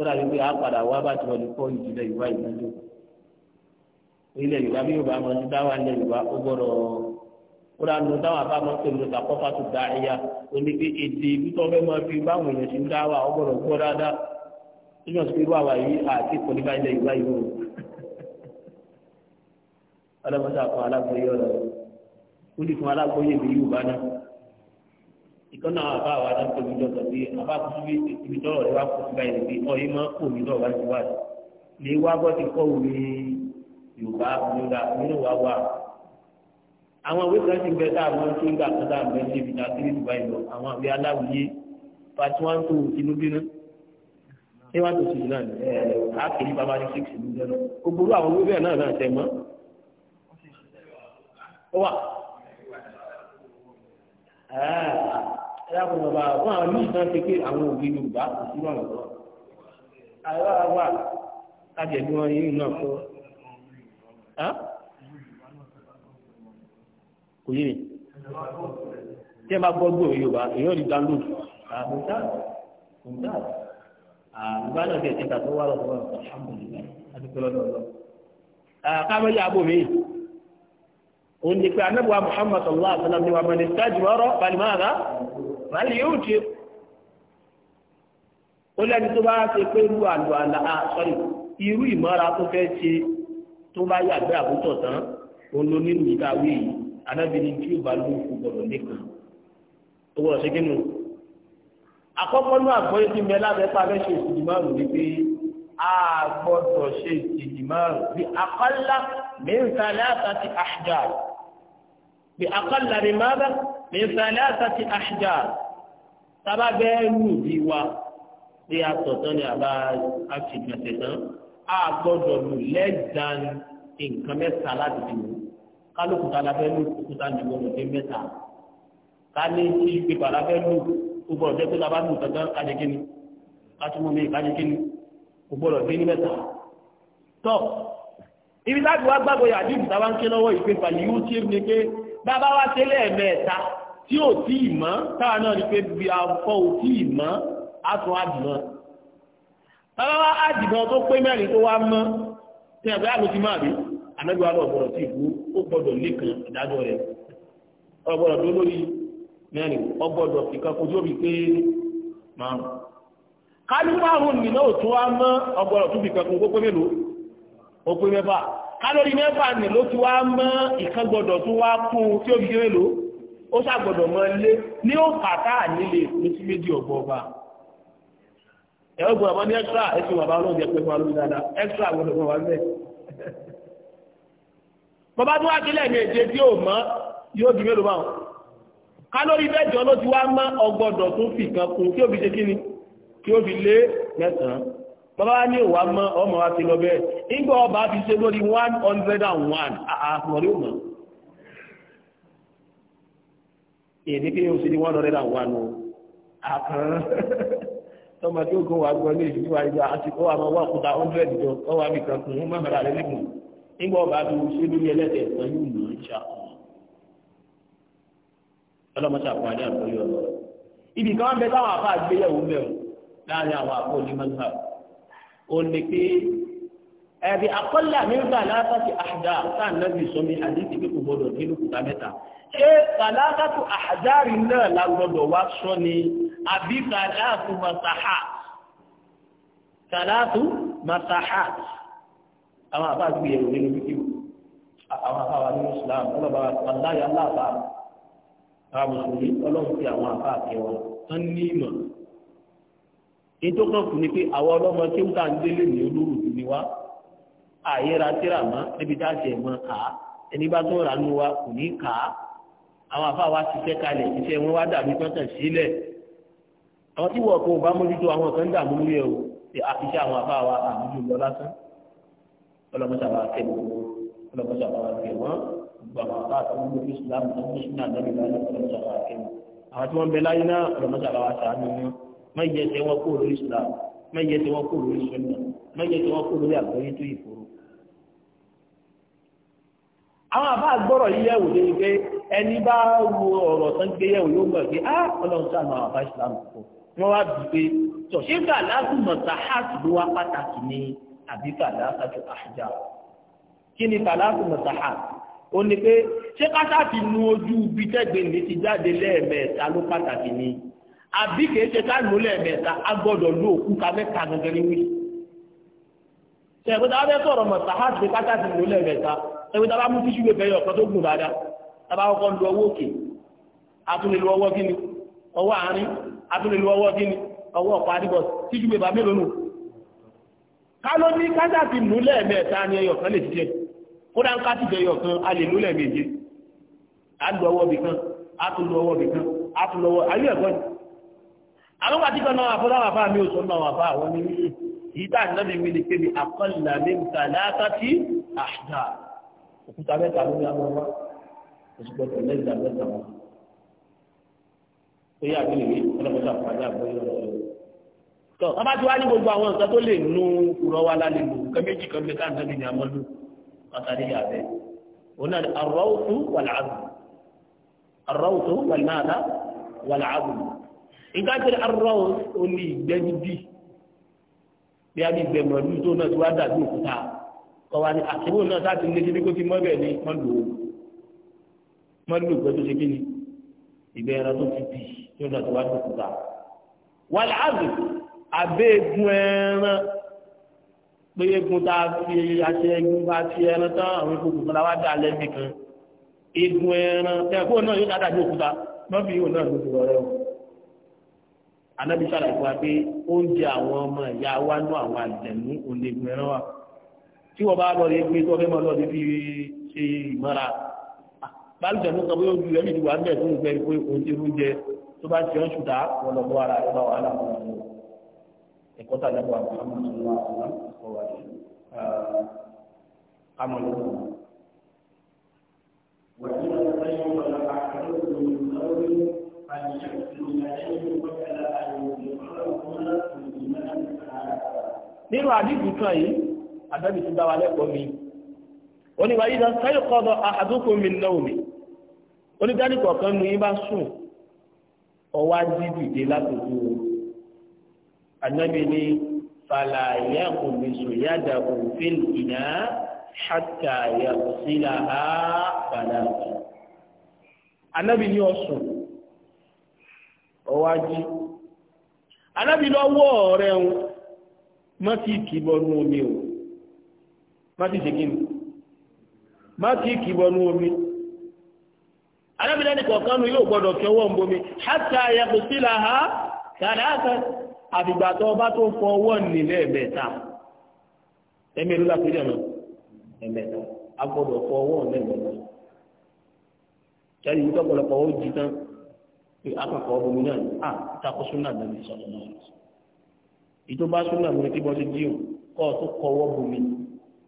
ó dàbí a àpàdà wá bá ti wọlé kọ́ ìjìnlẹ̀ yorùbá ìgbàlódé ilẹ̀ yorùbá bí yorùbá máa ti wà ó nù táwọn da pé èdè ìbítọ́ fi dá wà ó dáadáa wà wà àti bá yìí ọlọ́mọdé àkọ́ alágbóyè ọ̀rọ̀ ìkan náà àbá àwọn adáko mi lọ́sọ̀ pé àbá tuntun bí ibi tọ́rọ̀ rẹ wá kó sí báyìí pé ọ̀yẹ́ máa kó mi lọ́wọ́ láti wá sí. lè wá bọ́ ti kọ́ òwe yorùbá yorùbá nínú wa wà. àwọn ìwé kan ti bẹ tá àwọn tó ń gbà kan tá à ń bẹ ní ibi tá a kéré dubai lọ àwọn àbí aláwùyé pati wọn tó inú bínú. ṣé wọn tó sùn náà ẹ ẹ àkèlí bàbá ní six ìlú lọ́nà. gbogbo àwọn wíwẹ̀ náà náà tẹ̀ mọ́. ó wà alákòóso bá wọn àwọn míì náà ṣe pé àwọn òbí yorùbá kò sí wọn lọ àlọ́ àwa kájẹ̀dú wọn yìí náà kọ́ kò yé tí ẹ bá gbọ́ gbòòrò yorùbá èèyàn rí download àbúdá àbúdá àbúdá náà tẹ̀ tẹ̀ta tó wà lọ́wọ́ alhamdulilayi adúgbò lọ́dọ̀ lọ. káwéé yà bò mí òun ni pé anábùwà muhammadu allah sallam ni wà mọ̀ ní sáájú ọ̀rọ̀ balimá wàhálì yóò ṣe ó lẹ́ni tó bá ṣe pé irú àlò àlà sọ́rí irú ìmọ̀ra tó fẹ́ ṣe tó bá yàgbé àbútọ̀ tán òun ló nínú ìdáwé yìí anábìrin tí yóò bá ló kú gbọdọ̀ nìkan ó gbọdọ̀ ṣe kí nù. àkọ́kọ́ náà àgbọ̀yé tí mẹ́lá fẹ́ pa fẹ́ ṣe ìsìnkú márùn-ún ni pé a gbọ́dọ̀ ṣe ìsìnkú márùn-ún bí akọ́lá mẹ́ta láta ti àṣà bí akọ́lá rẹ̀ máa bá min salasati ahjar tábà bẹ́ẹ̀ lù bí wa bí a sọ̀tán ni àbá àfìgbàsẹ̀ tán a gbọ́dọ̀ lù lẹ́dàn nǹkan mẹ́ta láti fi wò kálukú ta la fẹ́ lù òkúta nìbọn lòdì mẹ́ta kálí tí pépà la fẹ́ lù gbogbo ọ̀dẹ́ tó la bá lù kankan kájí kínní kátúmọ̀ mi kájí kínní gbogbo ọ̀dẹ́ ní mẹ́ta. tọ́ ibi láti wá gbàgbọ́ yà ní ìdìtàwá ń ké lọ́wọ́ ìpè pàlì yóò tí èmi ké bàbá wa tẹ́lẹ̀ mẹ́ta tí ò tí ì mọ́ táà náà rí pé bí afọ́ ò tí ì mọ́ á tún àdìmọ́ tọ́lọ́wọ́ àdìmọ́ tó pé mẹ́rin tó wá mọ́ tí ẹgbẹ́ àlọ́ ti máa rí anábíwá lọ gbọ́dọ̀ sí ìlú ó gbọ́dọ̀ lékan ìdájọ́ rẹ̀ ọgbọ́dọ̀ tó lórí mẹ́rin ọgbọ́dọ̀ ìkan kojú òbí pé márùn kálí márùn nìyẹn ò tún wá mọ́ ọgbọ́dọ̀ tó fi kankan kó pé mélòó ó pé mẹ́fà kálórí mẹ́fà nìyẹn ló ti wá mọ́ ìkan gbọ́dọ̀ tó wá kún tí ó fi kéré lòó ó ṣàgbọ̀dọ̀ mọ ilé ní ó kàtà nílé ìpín sí méjì ọ̀gbọ̀ ọba ẹ̀rọ̀gbọ̀n àbọ̀ ní extra ẹ̀sùn bàbá olóòjẹ́ pé fún alóòjẹ́ dáadáa extra gbọ́dọ̀ fún wa bẹ́ẹ̀. bàbá tó wá sílẹ̀ ní èdè tí ò mọ́ yóò di mélòó báwọn kálórì bẹ́ẹ̀ jọ ló ti wá mọ́ ọgbọ́dọ̀ tó fi kan kún tí one hundred and one àmọ̀rí òmọ̀ èdè kí yóò ṣe ní wọ́n lọ́rẹ́ làwọn wà nù àkàn tọ́mọ tí ó gún wa gbọ́ ní ìlú wa ìgbà àsìkò àwọn owó àkúta hundred jọ kan rẹ nígbà ọba lórí ọlọ́mọṣà ẹ̀bí akọ́lá nígbà látàkì àṣdá sáà nẹ́bí sọmi àdíkì pé kò gbọdọ̀ nínú kùtà mẹ́ta ṣé kàlákàtù àṣdárì náà lágbọdọ̀ wá sọ ni àbí kàlákù màtàhà kàlákù màtàhà àwọn àbá àti ìyẹ̀wò nínú fídíò àwọn àbá wa nínú Islam ọlọ́ba aláyà aláàbá àwọn mùsùlùmí ọlọ́run ti àwọn àbá àti ẹ̀wọ̀n ni pé àwọn ọlọ́mọ tí ó ń ta ń délé ní olórùn ni wá àyèrà tíra mọ́ níbi tá a ti ẹ̀ mọ́ kà á ẹni bá tó rà nù wa kò ní kà á àwọn afá wa ti tẹ́ kalẹ̀ iṣẹ́ wọn wá dàbí pẹ́ntàn sílẹ̀ àwọn tí wọ́n kò bá mójútó àwọn kan dààmú lórí ẹ̀ o ṣe àfiṣẹ́ àwọn afá wa àbújù lọ lásán ọlọ́mọṣà wa kẹ́ gbogbo ọlọ́mọṣà wa kẹ́ àwọn afá àtàwọn ọmọ Islam tó ń sìn àdàbí láyé ọlọ́mọṣà wa kẹ́ wọn àwọn tí wọ́n bẹ láyé náà ọlọ́mọṣà wa sàánú wọn má yẹ tẹ Islam má yẹ tẹ àwọn àbá àgbọ́rọ̀ yíyẹ̀wò lè gbé ẹni bá wo ọ̀rọ̀ tán gbé yẹ̀wò yóò gbà pé á ọlọ́run sáà máa bá ìsìlámù pọ̀ wọ́n wá bí pé tọ̀ṣẹ́ gàlásù mọ̀tàhásù ló wá pàtàkì ní àbí gàlásàjọ àṣìjà kí ni gàlásù mọ̀tàhásù ó ní pé ṣé kásáàtì nu ojú ibi tẹ́gbẹ̀ ní ti jáde lẹ́ẹ̀mẹ́ta ló pàtàkì ní àbí kìí ṣe ká lẹ́ẹ̀mẹ́ta á gbọ́dọ̀ ló òkú ká mẹ́ta gangan ní wí. ṣèkúta abẹ́ sọ̀rọ̀ mọ̀tàhásù kásáàtì lò lẹ́ẹ̀mẹ́ta ẹgbẹ́ tá a bá mú tíṣù pépé yọ ọ̀kan tó gùn dáadáa tá a bá kọ́kọ́ lu ọwọ́ òkè a tún lè lu ọwọ́ kíni ọwọ́ àárín a tún lè lu ọwọ́ kíni ọwọ́ ọ̀pá àdìbọ̀ tíṣù pépé mélòó nù. ká ló ní kájà ti nù lẹ́ẹ̀mẹ́ta ni ẹyọ kan lè ti jẹ kódà ń ká ti jẹ ẹyọ kan a lè nù lẹ́ẹ̀méje a lu ọwọ́ bìkan a tún lu ọwọ́ bìkan a tún lu ọwọ́ ayé ẹ̀kọ́ ni àwọn àti kan náà àfọ́lá àfá mi ò sọ náà àfá àwọn ní ìdá náà mi ní pé mi àkọlà ń tà látàtí àṣdà òkúta mẹ́ta lórí àwọn ọmọ oṣù gbọ́dọ̀ lẹ́yìn àgbẹ̀ta wọn tó yà bí lèwe ọlọ́mọdé àfàdé àgbọ̀yé ọ̀rọ̀ rẹ̀. tọ́ ọba tí wàá ní gbogbo àwọn nǹkan tó lè nu kùrọ̀ wa lálẹ́ lò nǹkan méjì kan bẹ káàdé mi ní amọ́lú pàtàkì yà bẹ́ẹ̀. òun náà arọ́wùtú wàlàágùn arọ́wùtú wàlàáda wàlàágùn. nǹkan tẹ̀lé arọ́wùtú ó ní ìgbẹ́ níbí bí a bí gbẹ̀mọ̀lú tó kọ́wa ah, ni àtìwò náà sáà ti lé síbi kó ti mọ́bẹ̀ ni wọ́n lò ó wọ́n lò pé tó ṣe kí ni ìgbẹ́ ẹran tó ti bì tí wọ́n ti wá ní òkúta. wàlẹ̀ àbò àbẹ́ẹ̀gùn ẹran pé egun tá a fi aṣẹ egun bá fi ẹran tán àwọn egun kò fọlá wá dá lẹ́bí kan egun ẹran ẹ̀kọ́ náà yóò dáadáa ní òkúta wọ́n fi yóò náà ló ti rọ̀ o anabi sàlàyé fún wa oúnjẹ àwọn ọmọ ìyá wa nú àwọn àjẹmú onígun ẹran wa tí wọ́n bá lọ rí pé tó fẹ́ mọ́ lọ níbi ṣe ìmọ́ra bálùjẹ̀ mú sọ́bọ́ ojú ẹ̀mí ti wà ń bẹ̀ tó ń gbẹ pé òun ti rúnjẹ tó bá ti ọ́n ṣùtá wọn lọ bọ́ ara rẹ̀ bá wàhálà wọn lọ ẹ̀kọ́ tà lẹ́kọ̀ọ́ àmọ́ sọ́nà àwọn ọ̀wà rẹ̀ kámọ́ lọ́wọ́. وإذا تبين لك أحدكم من قول فليكتب يديه وكلا أن nínú àdìgún kan yìí àtàbí tó dáwà lẹ́kọ̀ọ́ mi ó ní wáyé náà sáyé kọ́dọ̀ àdókò mi náà mi ó ní dání kọ̀ọ̀kan nu yín bá sùn ọwọ́ adídìde látòjú ànábì ní fàlà ìyá yàdà òfin ìná ṣàtà yàtọ̀sílà á ànábì ní ọ̀sùn ọwọ́ ají ànábì lọ́wọ́ ọ̀rẹ́ wọn mọ́ sí omi o má ti ṣe kíni má ti kì bọnú omi arábìnrin kọ̀ọ̀kan nu yóò gbọ́dọ̀ fi ọwọ́ ń bomi hátà yàtọ̀ sí la ha kàdáàkà àfìgbà tó ọba tó fọ ọwọ́ nílẹ̀ ẹ̀mẹ́ta ẹ̀mí ìlú lápẹ́ jẹ̀ náà ẹ̀mẹ́ta a gbọ́dọ̀ fọ ọwọ́ lẹ́mẹ́ta kẹ́lí ìtọ́ pọ̀lọpọ̀ ó jí tán pé akọ̀kọ̀ ọmọ náà à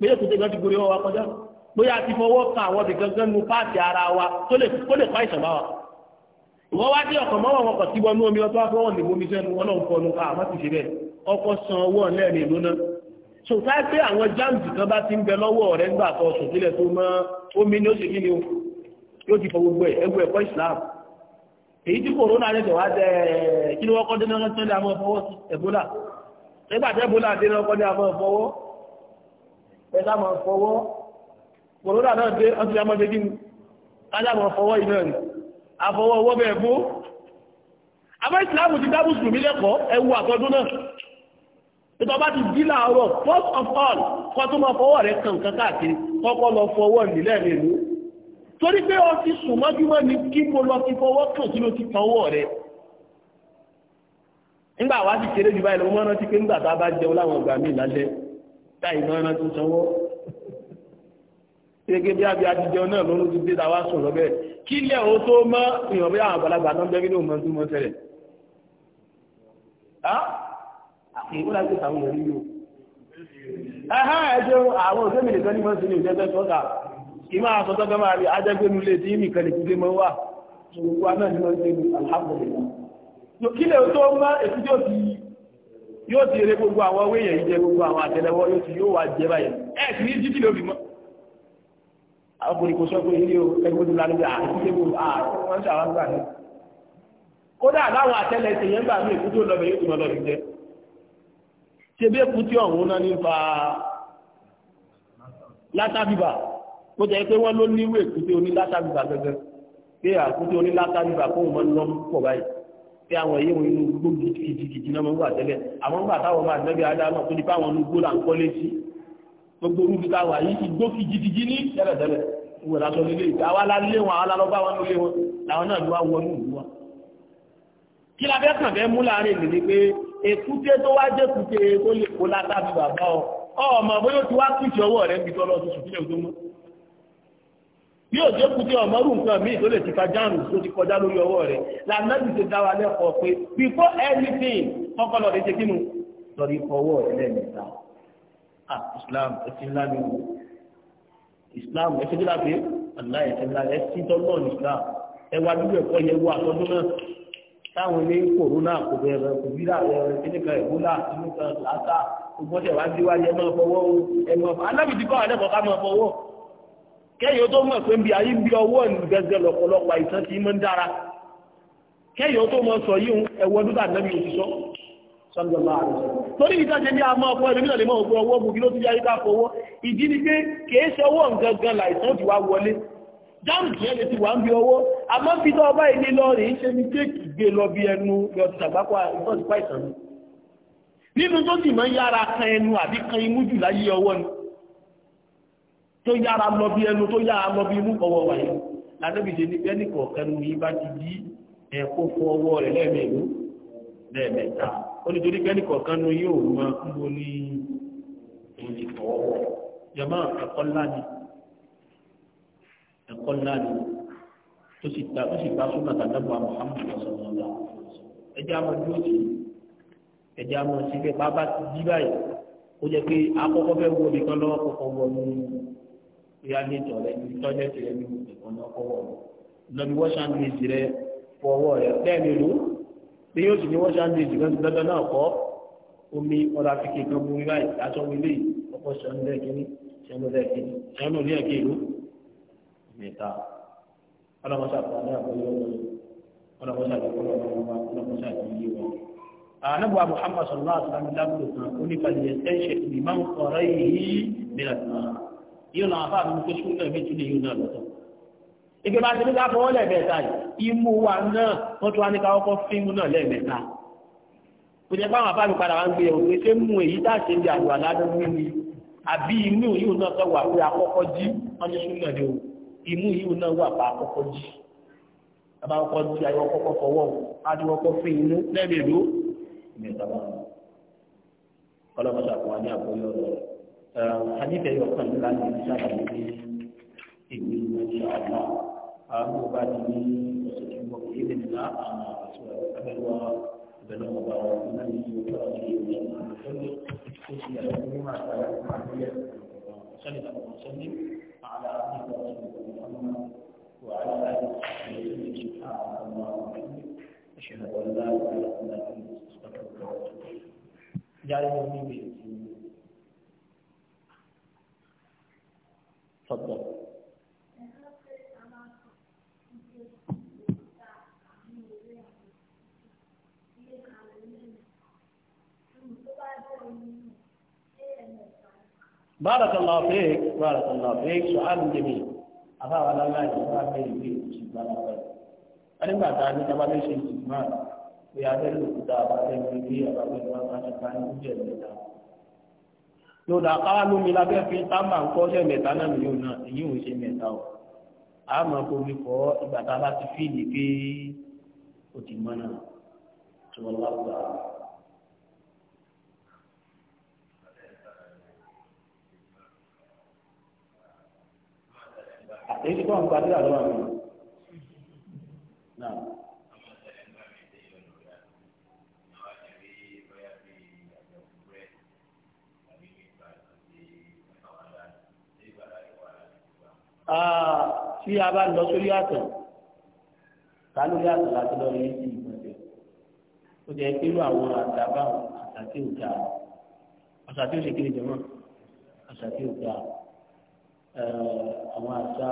bóyá kò tẹ̀gbọ́n ti gorí ọwọ́ wa kọjá bóyá a ti fọwọ́ kan àwọn ibì gangan nu páàtì ara wa tó lè pa ìṣàn bá wa. ìwọ́n wá dé ọkàn mọ́wọ́ wọn kàn sí wọnú omi ọtọ́ afọwọ́ ní omi sẹ́nu wọn náà fọnù ká àmọ́ ti ṣe bẹ́ẹ̀ ọkọ̀ san owó ọ̀lẹ́ẹ̀ni ìlú náà. so táyé pé àwọn jáàmù kan bá ti ń bẹ lọ́wọ́ rẹ̀ nígbà tó sùn sílẹ̀ tó mọ́ omi ni ó ṣe kí ni o yóò ti fọ gbogbo ẹ̀ ẹgbẹ́ ẹ̀kọ́ ìsìlámù èyí tí kòrónà rẹ̀ tẹ̀wá jẹ́ kí ni wọ́n kọ́ dé náà tẹ́lẹ̀ àwọn ọ̀fọwọ́ ẹ̀bólà nígbà tí ẹ̀bólà dé náà kọ́ dé àwọn pẹ̀lú àmọ̀ fọwọ́ kòrónà náà dé ọdún amọ́dé gíní aláàmọ̀ fọwọ́ iná rẹ̀ àfọwọ́ ọwọ́ bẹ̀ẹ̀ bó àmọ́ ìsìláàmù ti dá mùsùlùmí lẹ́kọ̀ọ́ ẹwu àtọ́dún náà ìtọ́ bá ti first of all kọ́ tó máa fọwọ́ rẹ̀ kàn kan káàkiri kọ́kọ́ lọ fọwọ́ nílẹ̀ nínú torí pé ọ ti sùn mọ́júmọ́ ni kí mo lọ ti fọwọ́ kàn kí ló ti kan ọwọ́ rẹ̀ nígbà wá ti kéré jù báyìí lọ mọ́rán ti pé nígbà tá a jẹun láwọn ìgbà míì lálẹ́ táì náà náà tó sanwó gẹ́gẹ́ bí abẹ́ adìjẹun náà lọ́nà ti dé tàwa sùn lọ́bẹ̀ kí ilẹ̀ ó tó mọ́ ìyàn bí àwọn àgbàlagbà náà bẹ́ẹ̀ nínú ọmọ tó mọ́ ṣẹlẹ̀ ìwúlá ti sàwọn èèyàn yìí o ẹ̀hán ẹ̀jẹ̀ ìmọ̀ àtọ́tọ́ gẹ́gẹ́ máa ajẹ́gbẹ́nu lè tí ìmì kan ìkúgbé mọ́ wà ṣùgbọ́n náà ní wọ́n ṣe alhamdulillah kí lè tó mọ́ èkúté òtí yóò ti eré gbogbo àwọn owó èèyàn ìjẹ gbogbo àwọn àtẹ́lẹwọ́ yóò ti yóò wá jẹ báyìí ẹ sì ní títí lóbi mọ. àwọn kò ní kò sọ pé ilé o ẹgbẹ́ tó lánàá bí àti ah, ilé gbogbo àwọn ah, wọn ṣe àwọn gbà ní. kódà láwọn àtẹ́lẹ ti yẹn gbà mí èkú tó lọ bẹ yóò tún lọ lọbi jẹ. ṣe bí èkú tí ọ̀hún náà nípa látàbíbà kó jẹ́ pé wọ́n ló níwèé èkú tí oní látàbíbà gẹ́gẹ́ pé àkúté oní látàbíbà kó pé àwọn èyí wọn inú gbó gidigidi náà wọ́n wà tẹ́lẹ̀ àwọn ń gbà táwọn bá nẹ́bí adáná tó ní fáwọn olùgbò là ń kọ́ létí gbogbo orúkú táwà yìí igbó gidigidi ní tẹ́lẹ̀tẹ́lẹ̀ wọ́n lásọ nílé ìgbà wá lálé wọn àwọn alálọ́bá wọn nílé wọn làwọn náà ló wá wọnú ìlú wa kí la fẹ́ kàn fẹ́ mú láàrin ìlú pé èkúté tó wá jẹ́ kúté kó látàbí bàbá ọ ọmọ bí òjò kù tí ọmọ rú nǹkan míì tó lè ti fa jáàmù tó ti kọjá lórí ọwọ́ rẹ̀ lànàbì ti dá wa lẹ́kọ̀ọ́ pé before anything kọ́kọ́ lọ́ọ́ lè ṣe kínú lọ́rí ọwọ́ rẹ̀ lẹ́mẹ̀ta ah Islam ẹ̀sìn ńlá ni wò Islam ẹ̀sìn ńlá pé àná ẹ̀sìn ńlá ẹ̀sìn tọ́lọ́ ní Islam ẹ wá dúró ẹ̀kọ́ yẹn wọ àtọ́dún náà táwọn ní kòrónà kò bẹ̀rẹ̀ kò bí gbogbo ọdẹ wa ń díwájú ẹ máa fọwọ́ o ẹ máa fọ alábìdí kọ́ àdẹ́kọ̀ọ́ ká máa fọwọ́ kẹ́yìn tó mọ̀ pé ń bi ayé ń bi ọwọ́ gẹ́gẹ́ lọ́pọ̀lọpọ̀ àìsàn tí mọ́ ń dára kẹ́yìn tó mọ̀ sọ yíò ẹ̀wọ́ dúdà nẹ́bí òṣìṣọ́ sọ́njọ́lá rẹ̀ torí ìtàjẹ́ ní a máa ọkọ̀ ẹ̀rọ nílẹ̀ mọ́ ọgbọ̀ ọwọ́ gbogbo ló ti yá ìta fọwọ́ ìdí ni pé kìí ṣe ọwọ́ gangan láìsàn ti wá wọlé bi ọwọ́ àmọ́ fi tọ́ ọba ìní lọ rèé ṣe bí ẹnu ti tàgbákọ̀ ìfọ́sípá ìsàn nínú tó sì máa yára kan ẹnu àbí imú jù láyé ọwọ́ ni tó yára lọ bí ẹnu tó yára lọ bí imú ọwọ́ wa yìí lànàbì ṣe ní bẹ́ẹ̀ni kọ̀ọ̀kan ní bá ti di ẹ̀kọ́ fọ ọwọ́ rẹ̀ lẹ́ẹ̀mẹ́lú lẹ́ẹ̀mẹ́ta ó ní torí bẹ́ẹ̀ni kọ̀ọ̀kan ní yóò máa ń bo ní ìrìn fọwọ́ jama ẹ̀kọ́ ńlá ni ẹ̀kọ́ ńlá ni tó sì ta tó sì bá súnà tàdábù Muhammad sọ̀rọ̀ ẹjẹ́ àmọ́ dúró sí ẹjẹ́ àmọ́ síbẹ̀ bá bá ti dí báyìí bóyá ní ìtọ̀rẹ́ ní tọ́jẹ́ tirẹ̀ ní ìkànnì ọkọ̀wọ̀ lọ́bi wọ́n ṣáà ń lè jì rẹ fọwọ́ rẹ bẹ́ẹ̀ni ló bí yóò sì ní wọ́n ṣáà ń lè jì lọ́dún dandan náà kọ́ omi ọ̀rọ̀ àfikè kan mú mi báyìí aṣọ mi lè ọkọ̀ sọ̀rọ̀ lẹ́ẹ̀kínní sọ̀rọ̀ lẹ́ẹ̀kínní sọ̀rọ̀ lẹ́ẹ̀kínní mẹ́ta ọlọ́mọṣà fún aláàbọ̀yọ́ ọlọ́mọṣà fún ọlọ́mọba ọlọ́mọṣà fún iye wọn. ànábọ̀ muhammad sallallahu alaihi wa sallam dábò kan onífàlẹ̀ ẹ̀ṣẹ̀ ìmọ̀ ọ̀rẹ́ yìí bí yóò náà fáwọn àwọn akóṣù náà méjì lè yóò náà lọ́tọ̀. ìgbé bá ti ní ká fọwọ́ lẹ́ẹ̀mẹ́ta yìí imú wa náà wọ́n tún wá ní káwọ́ kọ́ fíìmù náà lẹ́ẹ̀mẹ́ta. kò jẹ́ fáwọn afáàmì padà wá ń gbé òwe ṣé mú èyí tá a ṣe ń di àlùwà ládùn mímu àbí imú yìí náà tó wà pé akọ́kọ́ jí wọ́n ti sún ni o imú yìí náà wà pa akọ́kọ́ jí. bàbá ọkọ̀ jí ayé fọwọ́ adúwọ́kọ̀ fíìmù lẹ́ẹ̀mẹ́lú kọ́lọ́mọ́sà fún wa ní àgbóyọ̀ rẹ̀. hadith ẹ̀yọ̀ kan nígbà ní ìṣàlàyé ní ìlú ìṣà ọ̀nà àwọn ọba ti ní ọ̀sẹ̀ tí wọ́n kìí lè nílá àwọn àṣọ abẹ́lúwa ìbẹ̀lẹ̀ ọba ọ̀hún náà ní ìlú ọ̀pọ̀ ọ̀sẹ̀ ìlú ìṣẹ̀lẹ̀ tó ṣe àlùkò ní màá sáré fún àgbélẹ̀ ọ̀sẹ̀lẹ̀ ọ̀sẹ̀lẹ̀ على عبدك ورسولك محمد وعلى آله وصحبه وسلم سبحانك اللهم وبحمدك أشهد أن لا إله إلا أنت أستغفرك وأتوب إليك. جعل المؤمنين بارك الله فيك بارك الله فيك سؤال جميل أفاق على الله يسمع فيه فيه سبحانه وتعالى أنا ما تعني كما ليس الاستثمار ويعمل الكتاب على الملكية ربي وما شكاني كجير ميتا yóò dà káàlù mi lábẹ́ fi tábà ń kọ́ṣẹ́ mẹ́ta náà mi yóò náà èyí ò ṣe mẹ́ta o a máa forí kọ́ ìgbà tá a bá ti fíìlì pé ó ti mọ́ náà tí wọ́n lọ́wọ́ gbà á. èyí tí wọ́n gbàdúrà lọ́wọ́ mi. tí a bá lọ sórí àtọ̀ kálórí àtọ̀ láti lọ rí sí ìgbọ̀nsẹ̀ ó jẹ́ pẹ̀lú àwọn àdàbà àṣà tí ò dáa àṣà tí ó ṣe kiri jẹ́ mọ́ àṣà tí Eh, àwọn àṣà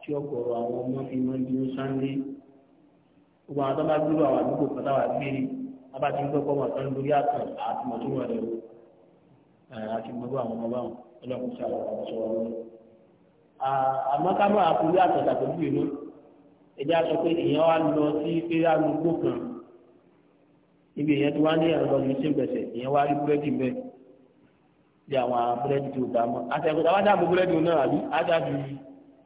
tí ọ̀gọ̀rọ̀ àwọn ọmọ fi máa ń bínú sáńdé gbogbo àwọn tó bá gbúrò àwọn àdúgbò kan táwa gbére bá ti ń gbọ́ pọ́nmọ́ tó ń lórí àtàn àti mọ̀ tó wà lẹ́wọ̀ àti eh, mọ̀ bá àwọn ọmọ báwọn ọlọ́run ṣe àwọn ọmọ sọ̀rọ̀ lọ́wọ́. Ah, àmọ́ ká mọ̀ àkúrí àtàn tàbí ìlú ẹjẹ́ a pé èèyàn wá lọ sí pé arúgbó kan ibi èèyàn ti wá ní bí àwọn búrẹ́dì tí ó dá mọ́ àtẹ̀kọ́ táwọn dáàbò búrẹ́dì náà àbí àdàbí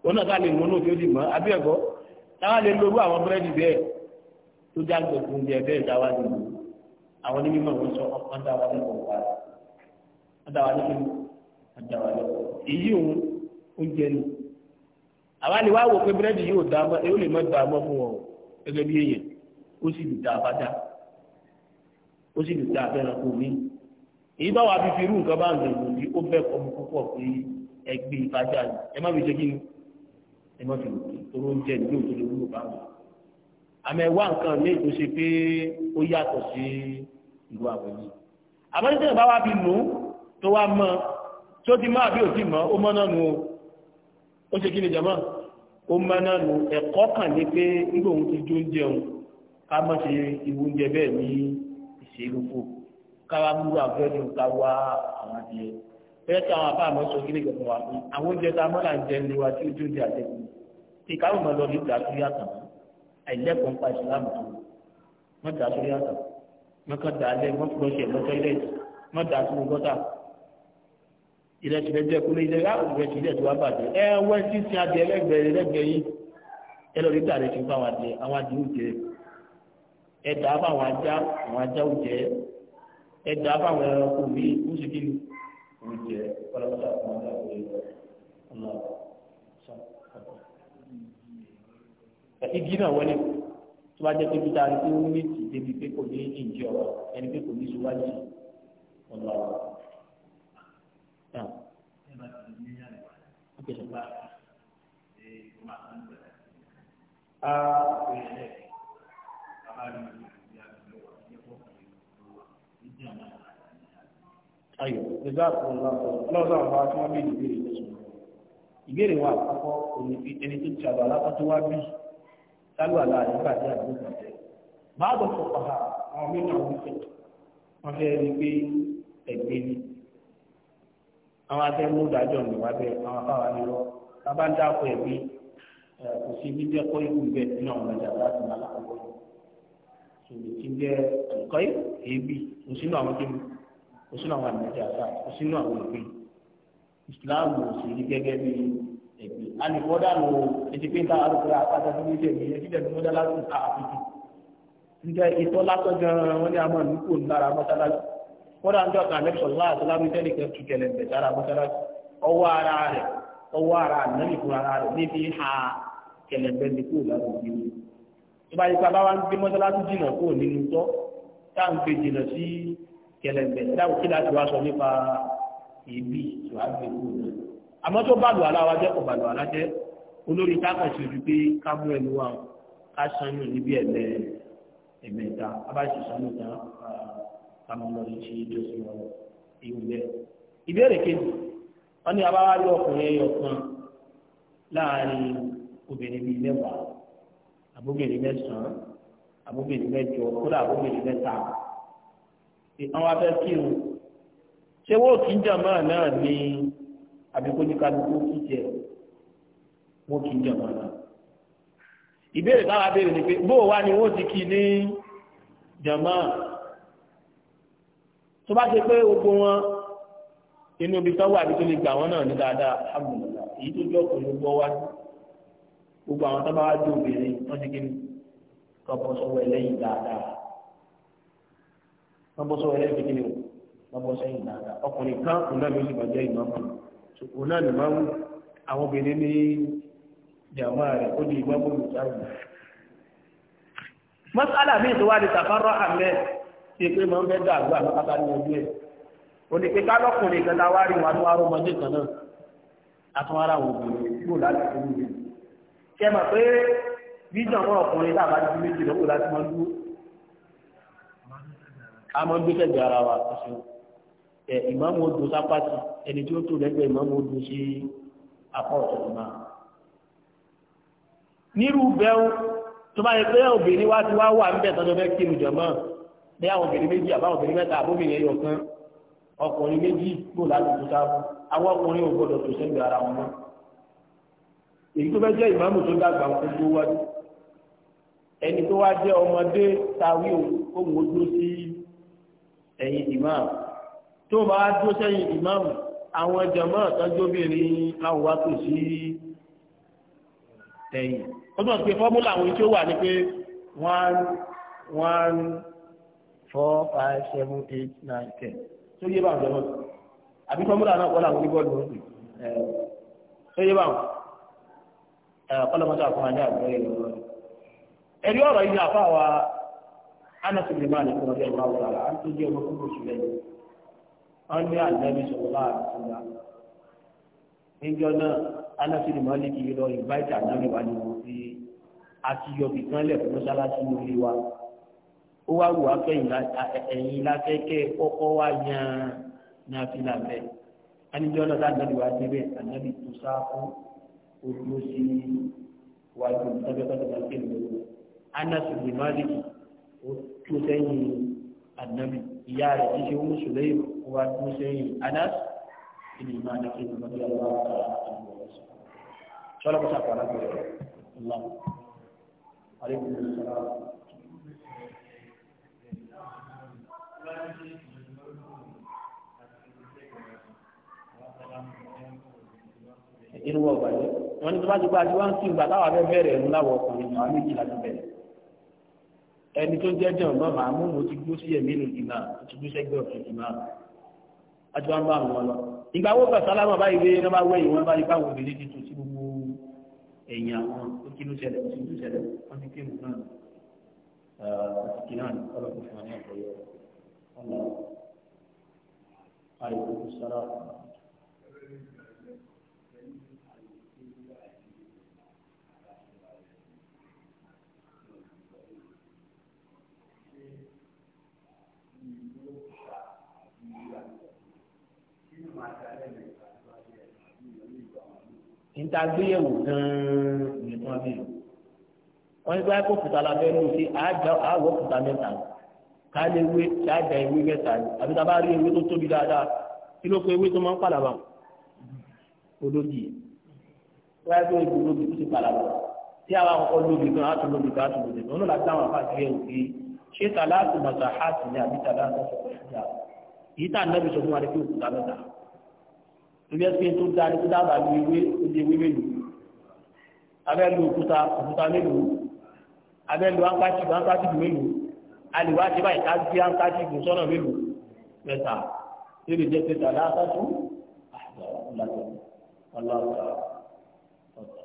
òun lè mú tí ó dì mọ́ àbí ẹ̀kọ́ táwọn lè lo àwọn búrẹ́dì bẹ́ẹ̀ tó já gbẹ̀gbẹ̀ oúnjẹ bẹ́ẹ̀ dáwà lè lò àwọn ní mímọ̀ wọn sọ ọkàn dáwà lẹ́kọ̀ọ́ pa dáwà lẹ́kọ̀ọ́ dáwà lẹ́kọ̀ọ́ èyí òun oúnjẹ ni àwa lè wá wò pé búrẹ́dì yóò dá mọ́ èyí ó lè mọ́ dá mọ́ fún wọn gẹ́gẹ́ bí èèyàn ó sì èyí bá wà fífi irú nǹkan bá ń bẹ̀rù ní ó bẹ̀ kọ́ mu púpọ̀ pé ẹgbẹ́ ìbájá ni ẹ má fi ṣe kí ni ẹ má fi rò pé toró ń jẹ nílò tó lè wúlò bá wọn. àmọ́ ẹ wá nǹkan ní ètò ṣe pé ó yàtọ̀ sí ìlú àwòyí. àmọ́ ní sẹ́yìn bá fi lò tó wá mọ́ tí ó ti má àbí òtí mọ́ ó mọ́ náà ó ṣe kí ni jàmọ́ ó mọ́ náà ẹ̀kọ́ kàn ní pé nígbà òun ti jó ń jẹun ká má ṣe ìwúnjẹ bẹ́ẹ̀ ní ìṣèlú fún káwa múlò àfẹ́ ní káwa àwọn adìyẹ bẹ́ẹ̀ tí àwọn àbá àmọ́ sọ kí ní gbẹ̀gbẹ̀ wà pé àwọn oúnjẹ tá a mọ́là ń jẹ ní wa tí ojú oúnjẹ àtẹ̀kù tí káwọn ọmọ lọ ní ìgbà tó yàtọ̀ àìlẹ́kọ̀ọ́ ń pa ìsìlámù tó wọ́n dà tó yàtọ̀ wọ́n kàn dà á lẹ́ wọ́n fọ́ ṣe lọ́tọ́ ilé wọ́n dà á fún gọ́tà ìrẹsì lẹ́jẹ̀ kó lé ilẹ̀ ìrẹsì ilẹ̀ tó wá bàjẹ́ ẹ ẹ̀dá fáwọn ẹranko mi ó sì kíni òun jẹ ọlọ́pàá àwọn ọmọdé àwọn ẹ̀rọ ọlọ́pàá sọ ọ̀pọ̀. igi náà wọlé tó bá jẹ́ pé peter ní ó ní tì débi pé kò ní ìjì ọ̀rọ̀ ẹni pé kò ní ìṣúwájú ọlọ́pàá. Ah, ayọ̀ nígbà tó ń lọ ọlọ́dọ̀ àwọn àti wọn bèèrè ìbéèrè lọ́sùn ìbéèrè wa àkọ́kọ́ òní fi ẹni tó ti àbọ̀ alákọ̀tún wá bí sálù àlá nígbà tí àbúrò kan tẹ̀ máa bọ̀ fọ pàhà àwọn mìíràn wọn fẹ́ wọn fẹ́ rí pé ẹgbẹ́ ni àwọn atẹ́mú dájọ́ ní wá bẹ́ẹ̀ àwọn afáwa ni lọ tábà ń dáko ẹ̀gbẹ́ kò sí bí jẹ́ ikú bẹ́ẹ̀ nínú àwọn ọ̀nà láti máa lákọ̀ ìgbèkí jẹ́ ẹ̀kọ́ òsínú àwọn kí òsínú àwọn àmì àṣà òsínú àwọn ìpín Islam ò rí gẹ́gẹ́ bí ẹ̀gbìn alìkọ́dà ló etí pé ta àrùkọ àpáta tó ní ìdẹ̀mí ẹ̀jú ndị mọ́dá lásán akwụkwọ njẹ ìtọ́ lásán gan nípò lára ń láàtọ́ tẹ́lẹ̀kẹ́ ọwọ́ ara rẹ̀ ọwọ́ ara ìbá yìí pàbá wa ń gbé mọ́sálásí jìnà kó nínú tọ́ tá ń gbé jìnà sí kẹlẹ̀gbẹ̀ dáwọ̀ kí láti wá sọ nípa ìbí tó á gbé kó nù. àmọ́ tó bàlù aláwa jẹ́ kò bàlù alá jẹ́ olórí táàkà sí ojú pé ká mú ẹnu wa ká sanú níbi ẹ̀mẹ́ ẹ̀mẹ́ta abáṣe sanú tán ká mọ́ lọ́ọ́ ṣe é lọ́sí wọn ìwúlẹ̀. ìbéèrè kejì wọ́n ní abáwá lé ọkùnrin ẹyọ kan láàárín obìnrin bíi mẹ́wàá abóbìnrin mẹ́sàn-án abóbìnrin mẹ́jọ kódà abóbìnrin mẹ́ta àwọn afẹ́ kírun ṣé wọ́n kì í jàmọ́ náà ní abikóníkàlùkù kì wọ́n kì í jàmọ́ náà ìbéèrè táwa béèrè ni pé bó wá ni wọ́n ti kí ní jàmọ́ tó bá ṣe pé gbogbo wọn inú ibi tán wà àbí tó lè gbà wọn náà ní dáadáa alhamdulillah èyí tó jọ kò ló gbọ́ wájú gbogbo àwọn tábà wá dé obìnrin wọ́n ti kíni kọ́ bọ́ sọ́wọ́ ẹlẹ́yìn dáadáa wọ́n bọ́ sọ́wọ́ ẹlẹ́yìn kíni o wọ́n bọ́ sẹ́yìn dáadáa ọkùnrin kan òun náà ló sì bàjẹ́ ìmọ̀ọ́mù òun náà lè máa ń àwọn obìnrin ní jàmọ́ rẹ̀ ó di ìmọ̀ọ́mù ìjáwó. mọ́sálà míì tó wá di sàfárọ́ àmẹ́ ti pé máa ń fẹ́ dà àgbà pátá ní ojú ẹ̀ òní kálọ́kùnrin kan láwárí wọn àtúwárọ́ ọmọdé kan náà àtúwárá òbí kúrò láti fún mi kẹ mọ̀ pé bíjọ̀ mọ́ ọkùnrin láàbá ti méjì lọ́wọ́ láti mọ́ dúró a mọ́ gbé sẹ́gbẹ̀ ara wa ọ̀sẹ̀ ẹ̀ ìmáàmù odò sápàtì ẹni tí ó tó lẹ́gbẹ̀ẹ́ ìmáàmù odò sí apá ọ̀tọ̀ ìmá nírú bẹ́ẹ̀ tó bá yẹ pé obìnrin wá ti wá wà ń bẹ̀ tọ́jọ́ fẹ́ kí ìrùjọ mọ́ bí àwọn obìnrin méjì àbáwọn obìnrin mẹ́ta àbóbìnrin ẹyọ ọkùnrin méjì kúrò láti tó sáfù àwọn ọkùnrin ò gbọdọ̀ tó sẹ́gbẹ̀ ara wọn náà èyí tó bá jẹ́ ìmáàmù tó dàgbà kó tó wájú ẹni tó wá jẹ́ ọmọdé tàwí ohun ojú sí ẹ̀yìn ìmáàmù tó bá dúró sẹ́yìn ìmáàmù àwọn jàmá àtọ́jọ́bìnrin àwọn wá tò sí ẹ̀yìn ó mọ̀ pé fọ́múlà àwọn tí ó wà ní pé one one four five seven eight nine ten tó yé báwọn jàmá àbí fọ́múlà náà kọ́ làwọn oníbọ̀ọ̀lù wọn pè é tó yé báwọn. Eh, kọ́lọ́mọ́tà fún ajá àgbọ̀ yìí lọ́wọ́. ẹ̀rí ọ̀rọ̀ yìí àfa wa anasi lè máa nìkan ọjọ́ ìwà wọ̀lá à ń tó jẹ́ ọmọkùnrin oṣù lẹ́yìn wọ́n ní àlẹ́bí sọ̀rọ̀ láàrin fún wa. níjọ́ náà anasi lè máa lékì lọ ìbáìtì ànábì wa ni wọ́n fi àti yọ̀bì kan lẹ̀ fún mọ́sálásí lórí wa. ó wá wù wá ẹ̀yìn lákẹ́kẹ́ kọ́kọ́ wá yan nàfìlà bẹ́ẹ̀. anijọ́ náà tá ànábì wa débẹ̀ ànábì tó sáà fún ojú sí wájú tọ́jọ́tọ́jọ́ máa fi lò ó anásù ní malik o tó sẹ́yìn ànábì ìyá rẹ̀ tí ṣe ń sùn lẹ́yìn ó wá tó sẹ́yìn anásù ìdí máa ní kí ìdí ọlọ́wọ́ àtàrà àti ìwọ̀sùn. sọ́lá kó sàkàrà bẹ̀rẹ̀ ńlá àlékún ní sọ́lá. irú ọgbà yìí wọ́n ní tó bá ti gba àti wọ́n sì ń gbà táwọn abẹ́ bẹ̀rẹ̀ ẹ̀rù láwọ̀ ọkùnrin àwọn méjì láti bẹ̀rẹ̀ ẹni tó jẹ́ jẹun náà máa mú mo ti gbó sí ẹ̀mí ló dì máa ti gbó sẹ́gbẹ́ ọ̀tún dì máa àti wọn bá wọn lọ ìgbà wo gbà sálámà báyìí wé náà bá wẹ̀ yìí wọ́n bá yí báwọn obìnrin ti tún sí gbogbo ẹ̀yìn àwọn ó kí ló ṣẹlẹ̀ sí ló ṣẹlẹ̀ wọ́n ti kéwù náà kìnnà ọlọ́pàá fún wa ní àkọyọ ọmọ àìkú sára. níta gbéyẹ̀wò gan-an nìkan bí wọ́n ní báyìí kó kùtà la fẹ́ lò sí àwọ̀ kùtà mẹ́ta ká lè wé ká da ewé mẹ́ta ni àbí tá a bá rí ewé tó tóbi dáadáa kí ló kó ewé tó máa ń pàlàbà olódì wáyé tó ìlú lóbi tó ti pàlàbà tí àwọn akọkọ lóbi gan á tún lóbi gan á tún lóbi gan ó lọ́la dáhùn àfa ìgbéyẹ̀wò pé ṣé tàlá àtùmọ̀tà hàtì ni àbí tàlá àtùmọ̀tà yìí tà nẹ́bi sọ fún wa ní kí òkúta mẹ́ta ibi ẹsẹ̀ tó da ní kúta àbàlú ewé ojú ewé mélòó abẹ́lu òkúta òkúta mélòó abẹ́lu ankátìgù ankátìgù mélòó aliwa ti báyìí ká gbé ankátìgù sọ́nà mélòó mẹ́ta tí lè jẹ́ pẹ́ta látàtú àgbàlagbà ọlọ́ọ̀tà ọ̀tà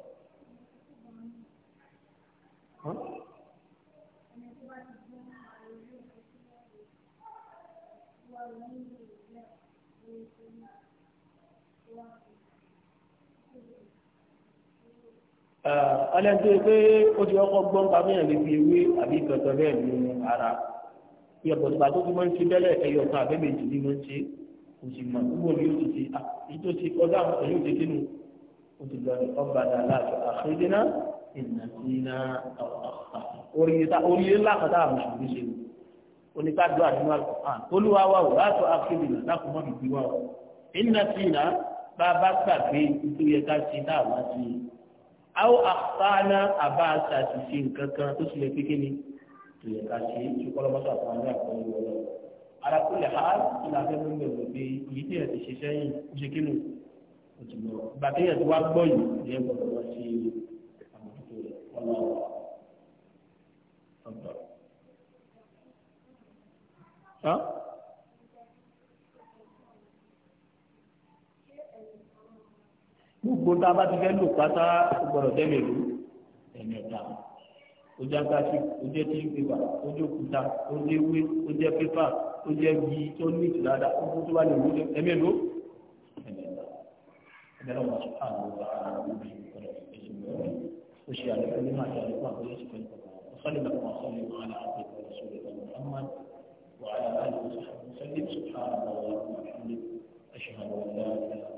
ọlẹ́dún pé ó ti ọkọ̀ gbọ́n pàmí ẹ̀ níbi ewé àbí kankan bẹ́ẹ̀ ní ara ní ọ̀pọ̀ ìgbà tó ti máa ń ṣe bẹ́lẹ̀ ẹyọ kan àbẹ́bẹ̀jì ní wọ́n ṣe kò sì mọ̀ níbo ni ó ti ṣe ah, èyí tó ṣe kọjá àwọn èyí ò ti kínú ó ti lọ ní ọba dàlá àti àkéjìnà ìnàkínà oríire ńlá kan tá a mùsùlùmí ṣe oníkádùn àdúrà tó lù wá wà wò láti àkéjìnà lákòmọ́ bàbá gbàgbé tó yẹ ká ṣe náà wá sí i. àwọn àpáná àbá àṣàṣìṣe nǹkan kan tó ṣe lè pé kíni tó yẹ ká ṣe é tó kọ́lọ́mọ́sọ àpáná àpáná wọlé. alákùnrin ha ti la fẹ́ lóyún ẹ̀rọ pé èyí tí ẹ̀ ti ṣe sẹ́yìn ó ṣe kínú òtùmọ̀ bàtẹ́ yẹn ti wá gbọ́ yìí ni ẹ gbọ́dọ̀ sí àmójútó rẹ̀ ọlọ́wọ́ ọ̀dọ̀. gbogbo tá a bá ti fẹ́ lò pátá ó gbọ́dọ̀ tẹ́lẹ̀ lò ẹ̀mẹ̀ta ó jẹ́ akásí ó jẹ́ tí pépà ó jẹ́ òkúta ó jẹ́ ewé ó jẹ́ pépà ó jẹ́ gi tó ní ìtura ó kó tó bá lè wúlò ẹ̀mẹ̀ lò ẹ̀mẹ̀ta ẹ̀mẹ̀ta wọn sọ àwọn ọba àwọn ọbẹ̀ ìkọlẹ̀ ẹ̀sìn mọ́ọ̀rẹ́ ó ṣe àlẹ́kọ̀ọ́ nínú àti àlẹ́kọ̀ọ́ àbúrò ìṣẹ̀fẹ̀ ìkọ̀kọ̀ وعلى آله وصحبه وسلم سبحانك اللهم وبحمدك أشهد أن لا إله إلا أنت